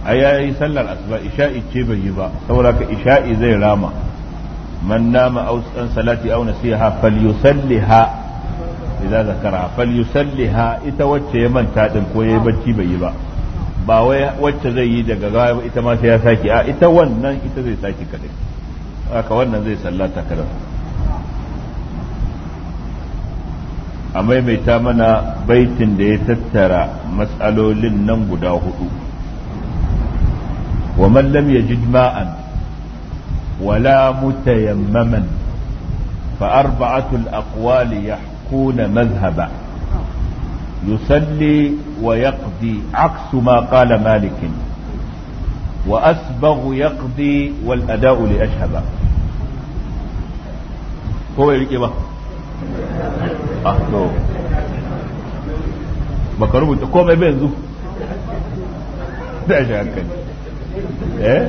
a ya yi sallar asuba isha'i ce bai yi ba saura ka isha'i zai rama man nama aw an salati aw nasiha falyusalliha idza zakara falyusalliha ita wacce ya manta din ko yayi bacci bai yi ba ba wai wacce zai yi daga gaba ita ma sai ya saki a ita wannan ita zai saki kadai haka wannan zai sallata kada a maimaita mana baitin da ya tattara matsalolin nan guda hudu wa man lam yajid ma'an wala mutayammaman fa arba'atu al aqwali yahkuna madhhaba yusalli wa yaqdi aksu ma qala عكس wa asbaghu yaqdi wal ada'u li ashhaba ko bai rike ba ah to baka rubuta komai bai yanzu da shi hankali eh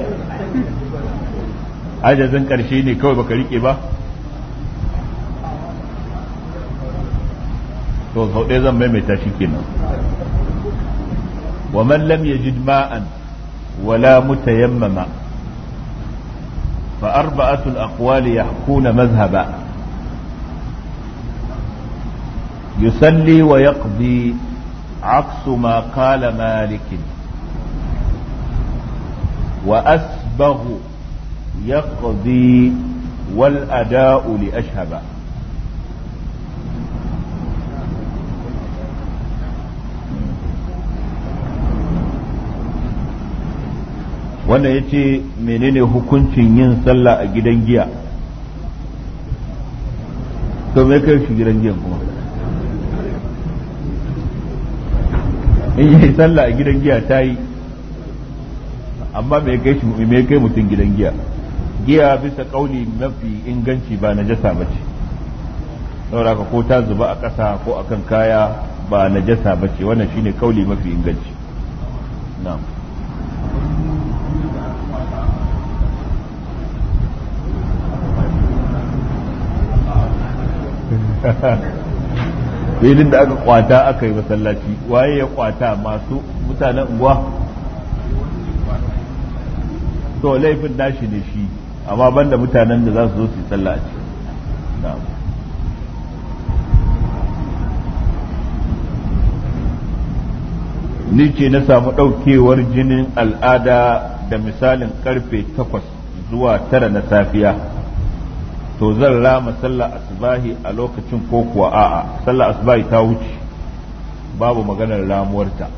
ajazin karshe ne kawai baka rike ba to sau ɗaya zan maimaita shi kenan wa man lam yajid ma'an wala mutayammama fa arba'atul aqwali yahkuna mazhaba yusalli wa yaqdi aksu ma qala wa asbahu yaqdi wal ada'u li ashhaba wanda ya ce menene hukuncin yin sallah a gidan giya in yi sallah a gidan giya ta yi amma mai kai shi mutum gidan giya giya bisa kauli mafi inganci ba na jasa bace saboda ko ta zuba a ƙasa ko a kan kaya ba na najasa bace wannan shine kauli mafi inganci na'am ha ha filin da aka kwata aka yi masallaci waye ya kwata masu mutanen unguwa to laifin nashi ne shi amma banda mutanen da za su zo su yi sallah a ni ce na samu ɗaukewar jinin al'ada da misalin karfe takwas zuwa tara na safiya to zan rama sallah asbahi a lokacin ko kuwa a'a sallah asbahi ta wuce babu maganar ramuwarta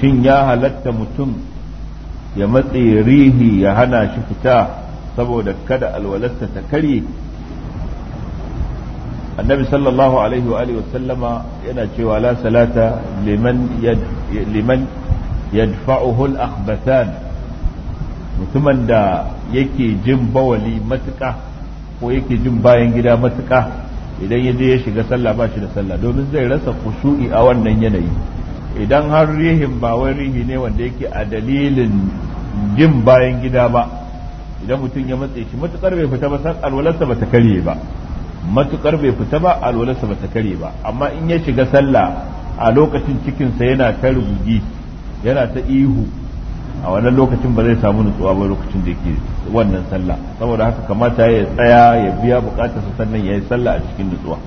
shin ya halatta mutum ya matse rihi ya hana shi fita saboda kada alwalarsa ta karye annabi sallallahu alaihi wa alihi yana cewa la salata liman yadfa'uhul al-akhbathan mutumin da yake jin bawali matuka ko yake jin bayan gida matuka idan ya je ya shiga sallah ba shi da sallah domin zai rasa kusuri a wannan yanayi idan har rihin ba wai rihi ne wanda yake a dalilin jin bayan gida ba idan mutum ya matse shi matukar bai fita ba san alwalarsa ba ta karye ba matukar bai fita ba alwalarsa ba ta karye ba amma in ya shiga sallah a lokacin cikinsa yana ta rugugi yana ta ihu a wannan lokacin ba zai samu nutsuwa ba lokacin da yake wannan sallah saboda haka kamata ya tsaya ya biya sa sannan ya yi sallah a cikin nutsuwa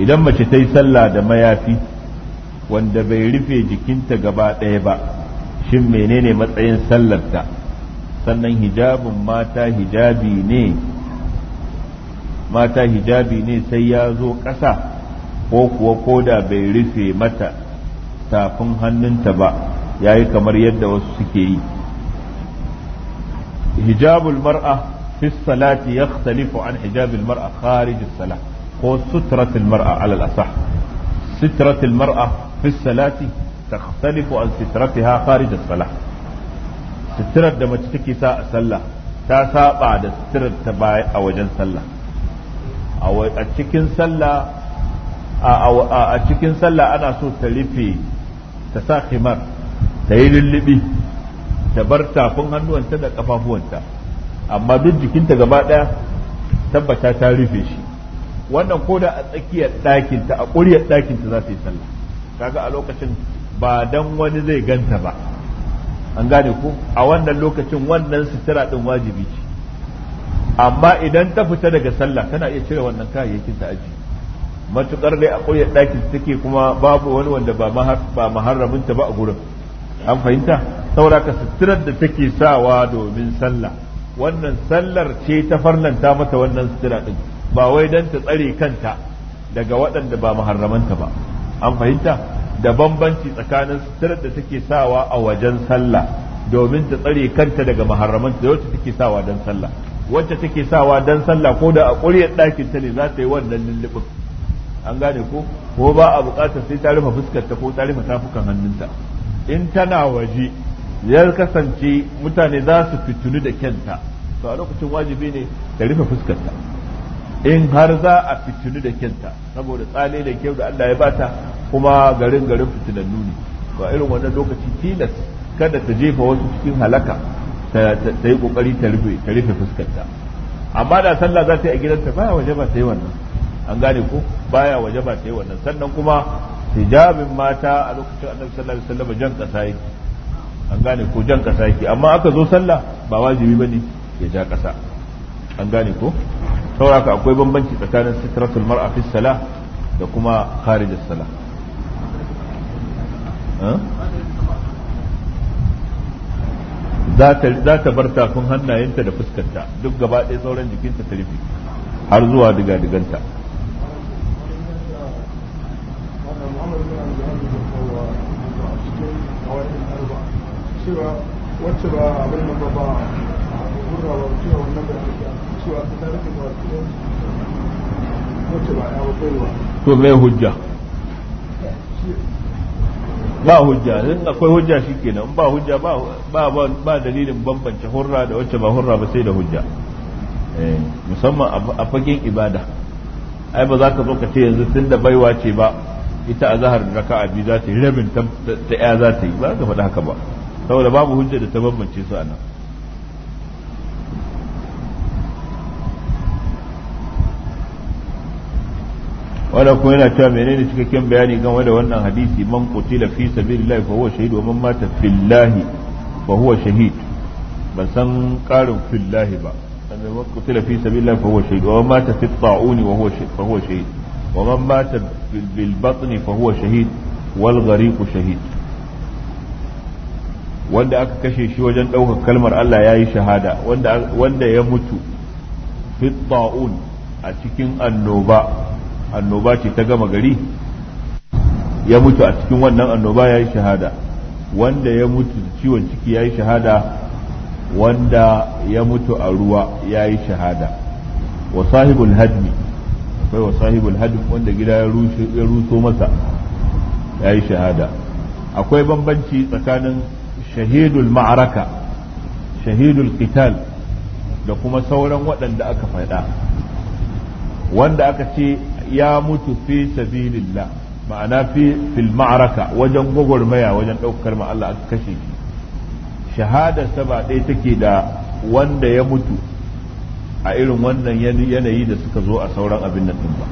idan mace ta yi sallah da mayafi wanda bai rufe jikinta gaba ɗaya ba shin menene matsayin sallarta sannan hijabin mata hijabi ne mata hijabi ne sai ya zo ƙasa ko kuwa koda bai rufe mata tafin hannunta ba ya yi kamar yadda wasu suke yi hijabul mar'a fi salati yakhtalifu an hijabil mar'a kharij as-salah ko sutratul mar'a alal al-asah sutratul mar'a fi salati takhtalifu an sitratiha kharij as-salah sitrar da mace take sa a sallah ta saba da suturar ta baya a wajen sallah a cikin sallah a cikin sallah ana so ta rufe ta sa khimar ta yi lullubi ta bar tafin hannuwanta da kafafuwanta amma duk jikinta gaba ɗaya tabbata ta rufe shi wannan ko da a tsakiyar ɗakinta a ƙuryar ɗakinta za ta yi sallah kaga a lokacin ba dan wani zai ganta ba an gane ko a wannan lokacin wannan sutura ɗin wajibi ce amma idan ta fita daga sallah tana iya cire wannan kayayyakin ta aji matukar dai a ƙauyen ɗakin take kuma babu wani wanda ba maharraminta ba a gurin an fahimta saboda ka suturar da take sawa domin sallah wannan sallar ce ta farlanta mata wannan sutura ɗin ba wai don ta tsare kanta daga waɗanda ba maharramanta ba an fahimta da bambanci tsakanin suturar da take sawa a wajen sallah domin ta tsare kanta daga maharramanta da wacce take sawa don sallah wacce take sawa don sallah ko da a ƙuryar ɗakin ta ne za ta yi wannan lullubin an gane ko ko ba a buƙatar sai ta rufe ta ko ta rufe tafukan hannunta in tana waje ya kasance mutane za su fitunu da kyanta to a lokacin wajibi ne ta rufe ta in har za a fitunu da kyanta saboda tsale da kyau da Allah ya bata kuma garin garin fitinannu ne ba irin wannan lokaci tilas kada ta jefa wasu cikin halaka ta yi kokari ta rufe ta rufe ta amma da sallah za ta yi a gidanta ba waje ba ta yi wannan an gane ko baya ba ta yi wannan sannan kuma hijabin mata a lokacin annabi sallallahu alaihi wasallam jan kasa yake an gane ko jan kasa yake amma aka zo sallah ba wajibi bane ya ja kasa an gane ko sauraka akwai bambanci tsakanin sitratul mar'a fi salah da kuma kharij salah za ta bar tafin hannayenta da fuskanta duk gaba ɗaya sauran jikinta ta rufe har zuwa diga-diganta cewa wacce ba abin nan ba ba gurra ba cewa wannan ba cewa ta tare da ba wacce ba ya ba to me hujja ba hujja in akwai hujja shi kenan ba hujja ba ba dalilin bambance hurra da wacce ba hurra ba sai da hujja eh, musamman a fagen ibada ai ba za ka zo ka ce yanzu tun da baiwa ce ba ita a zahar raka'a biyu za ta yi rabin ta ya za ta yi ba za ka faɗi haka ba saboda babu hujja da ta bambance su a nan wanda kuma yana cewa menene cikakken bayani game da wannan hadisi man qutila fi sabilillahi fa huwa shahid wa man mata fillahi fa huwa shahid ban san karin fillahi ba sannan man qutila fi sabilillahi fa huwa shahid wa man mata fi ta'uni wa huwa shahid fa huwa shahid wa man mata bil batni fa huwa shahid wal ghariq shahid wanda aka kashe shi wajen ɗaukar kalmar Allah ya yi shahada wanda ya mutu fitta'un a cikin annoba annoba ce ta gama gari ya mutu a cikin wannan annoba ya yi shahada wanda ya mutu da ciwon ciki ya yi shahada wanda ya mutu a ruwa ya yi shahada wa sahibul hadmi akwai wa sahibul hadmi wanda gida ya ruso masa ya yi shahada akwai bambanci tsakanin shahidul ma'araka shahidul qital da kuma sauran waɗanda aka faɗa wanda aka ce ya mutu fi sabilillah ma'ana fil ma'araka wajen gwagwarmaya wajen ɗaukar ma Allah aka kashe shi shahadarsa ba ɗaya take da wanda ya mutu a irin wannan yanayi da suka zo a sauran abin nan ba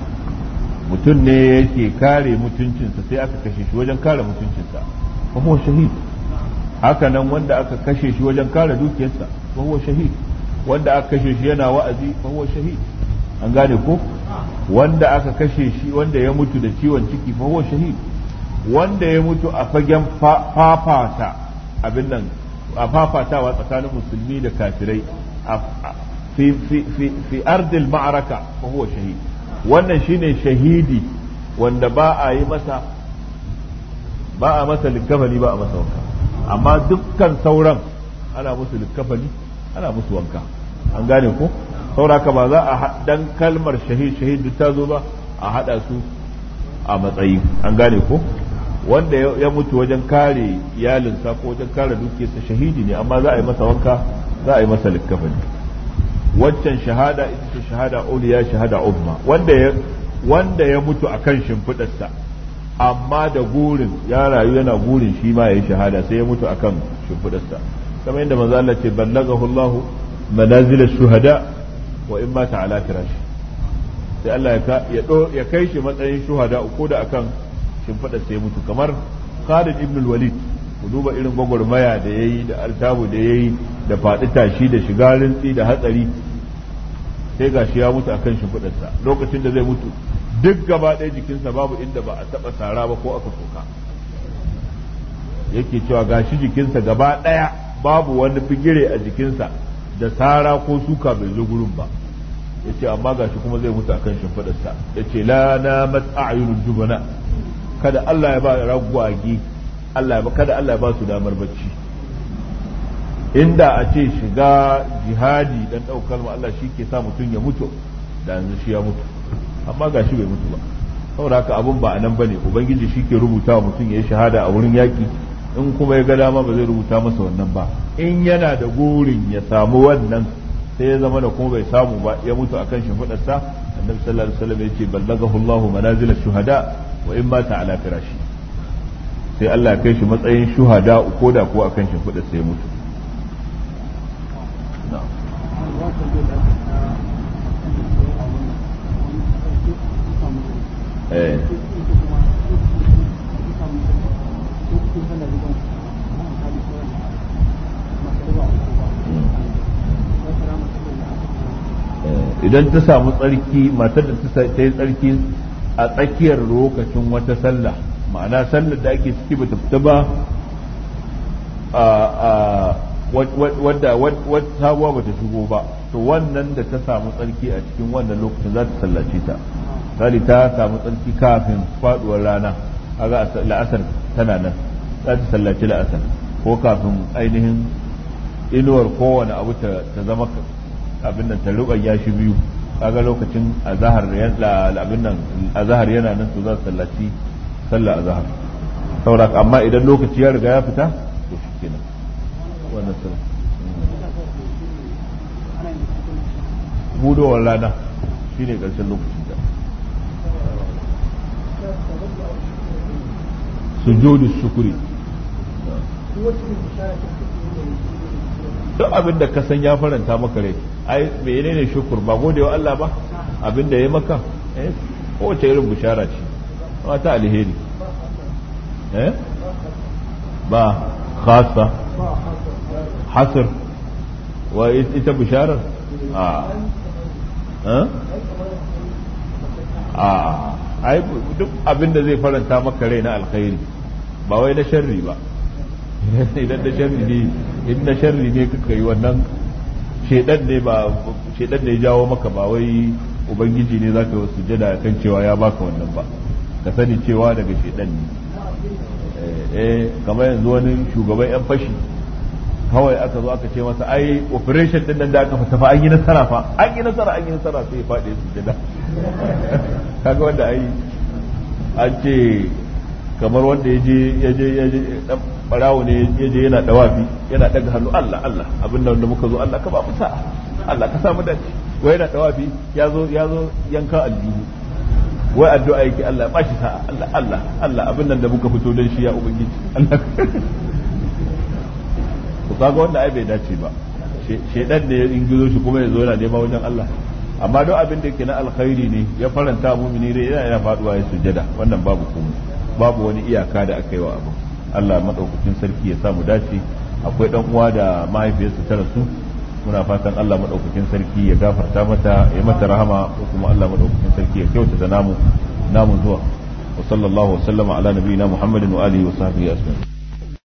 mutum ne yake kare mutuncinsa sai aka kashe shi wajen kare mutuncinsa haka nan wanda aka kashe shi wajen kare dukiyarsa fa huwa shahid wanda aka kashe shi yana wa'azi fa huwa shahid an gane ko wanda aka kashe shi wanda ya mutu da ciwon ciki fa huwa shahid wanda ya mutu a fagen fafata abin nan a fafatawa tsakanin musulmi da kafirai fi fi fi ardil ma'araka fa huwa shahid wannan shine shahidi wanda ba a yi masa ba a masa likabali ba a masa wanka amma dukkan sauran ana musu likkafani ana musu wanka an gane ko sauraka ba za a dan kalmar shahid shahid duk ta zo ba a hada su a matsayi an gane ko wanda ya mutu wajen kare iyalinsa ko wajen kare dukiyarsa shahidi ne amma za a yi masa wanka za a yi masa likkafani waccan shahada ita shahada uliya shahada umma wanda ya wanda ya mutu akan shimfidarsa amma da gurin ya rayu yana gurin shi ma ya shahada sai ya mutu akan shimfiɗarsa kamar yadda manzo Allah ce ballagahu Allah manazil shuhada wa in mata ala firashi sai Allah ya kai shi matsayin shuhada ko da akan shimfiɗa sai mutu kamar Khalid ibn Walid ku duba irin gwagwarmaya da yayi da altabu da yayi da faɗi tashi da shiga rintsi da hatsari sai gashi ya mutu akan shimfiɗarsa lokacin da zai mutu duk gaba ɗaya jikinsa babu inda ba a taɓa sara ba ko aka soka yake cewa gashi jikinsa gaba ɗaya babu wani figire a jikinsa da sara ko suka bai zo gurin ba yace amma gashi kuma zai mutu akan shimfiɗarsa yace la na mat a'yunul kada Allah ya ba ragwagi Allah ya kada Allah ya ba su damar bacci inda a ce shiga jihadi dan ɗaukar ma Allah shi ke sa mutum ya mutu da yanzu shi ya mutu amma ga shi bai mutu ba saboda haka abun ba a nan bane ubangiji shi ke rubuta wa mutum ya yi shahada a wurin yaki in kuma ya ga dama ba zai rubuta masa wannan ba in yana da gurin ya samu wannan sai ya zama da kuma bai samu ba ya mutu akan shi shimfiɗarsa annabi sallallahu alaihi wasallam yace ballagahu Allahu manazil shuhada wa in mata ala firashi sai Allah ya kai shi matsayin shuhada ko da ko akan shimfiɗarsa ya mutu na'am Eh. Eh. idan ta samu tsarki matar da ta yi tsarki a tsakiyar lokacin wata sallah ma'ana sallar da ake ciki ba ta fita ba wadda wata sabuwa ba ta shigo ba to wannan da ta samu tsarki a cikin wannan lokacin za ta sallace ta misali ta samu tsarki kafin faduwar rana ga la'asar tana nan za ta sallaci la'asar ko kafin ainihin inuwar kowane abu ta zama abin nan ta ya shi biyu kaga lokacin azahar abin nan azahar yana nan to za su sallaci sallah azahar saboda amma idan lokaci ya riga ya fita to kenan wannan sallar budowar rana shine karshen lokaci sujudu shukuri duk abin da ka san ya faranta maka rai ai menene shukur ba godewa Allah ba abin da ya maka eh kowace irin bushara ce wata alheri eh ba khasa hasr wa ita bisharar a ah. eh? a ah. duk abin da zai faranta maka rai na alkhairi ba wai na sharri ba idan da sharri ne in na sharri ne kuka yi wannan shedan ne ba shedan ne jawo maka ba wai ubangiji ne zaka yi sujada kan cewa ya baka wannan ba ka sani cewa daga shedan ne eh, eh kamar yanzu wani shugaban yan fashi kawai aka zo aka ce masa ai operation din nan da aka fita fa an yi nasara fa an yi nasara an yi nasara sai ya faɗi sujada kaga wanda ai an ce kamar wanda ya je ya je ya je barawo ne ya je yana dawafi yana daga hannu Allah Allah abin nan da muka zo Allah ka ba mu sa'a Allah ka samu dace wai yana dawafi ya zo ya zo yanka aljihu wai addu'a yake Allah ba shi sa'a Allah Allah Allah abin nan da muka fito don shi ya ubangiji Allah ku kaga wanda ai bai dace ba shedan ne ya ingizo shi kuma ya zo yana neman wajen Allah amma duk abin da yake na alkhairi ne ya faranta mumini dai yana yana faduwa ya sujada wannan babu kuma babu wani iyaka da aka yi wa abu Allah madaukakin sarki ya samu dace akwai dan uwa da mahaifiyarsa ta rasu muna fatan Allah madaukakin sarki ya gafarta mata ya mata rahama ko kuma Allah madaukakin sarki ya kyautata namu namu zuwa wa sallallahu wa sallama ala nabiyina muhammadin wa alihi wa sahbihi ajma'in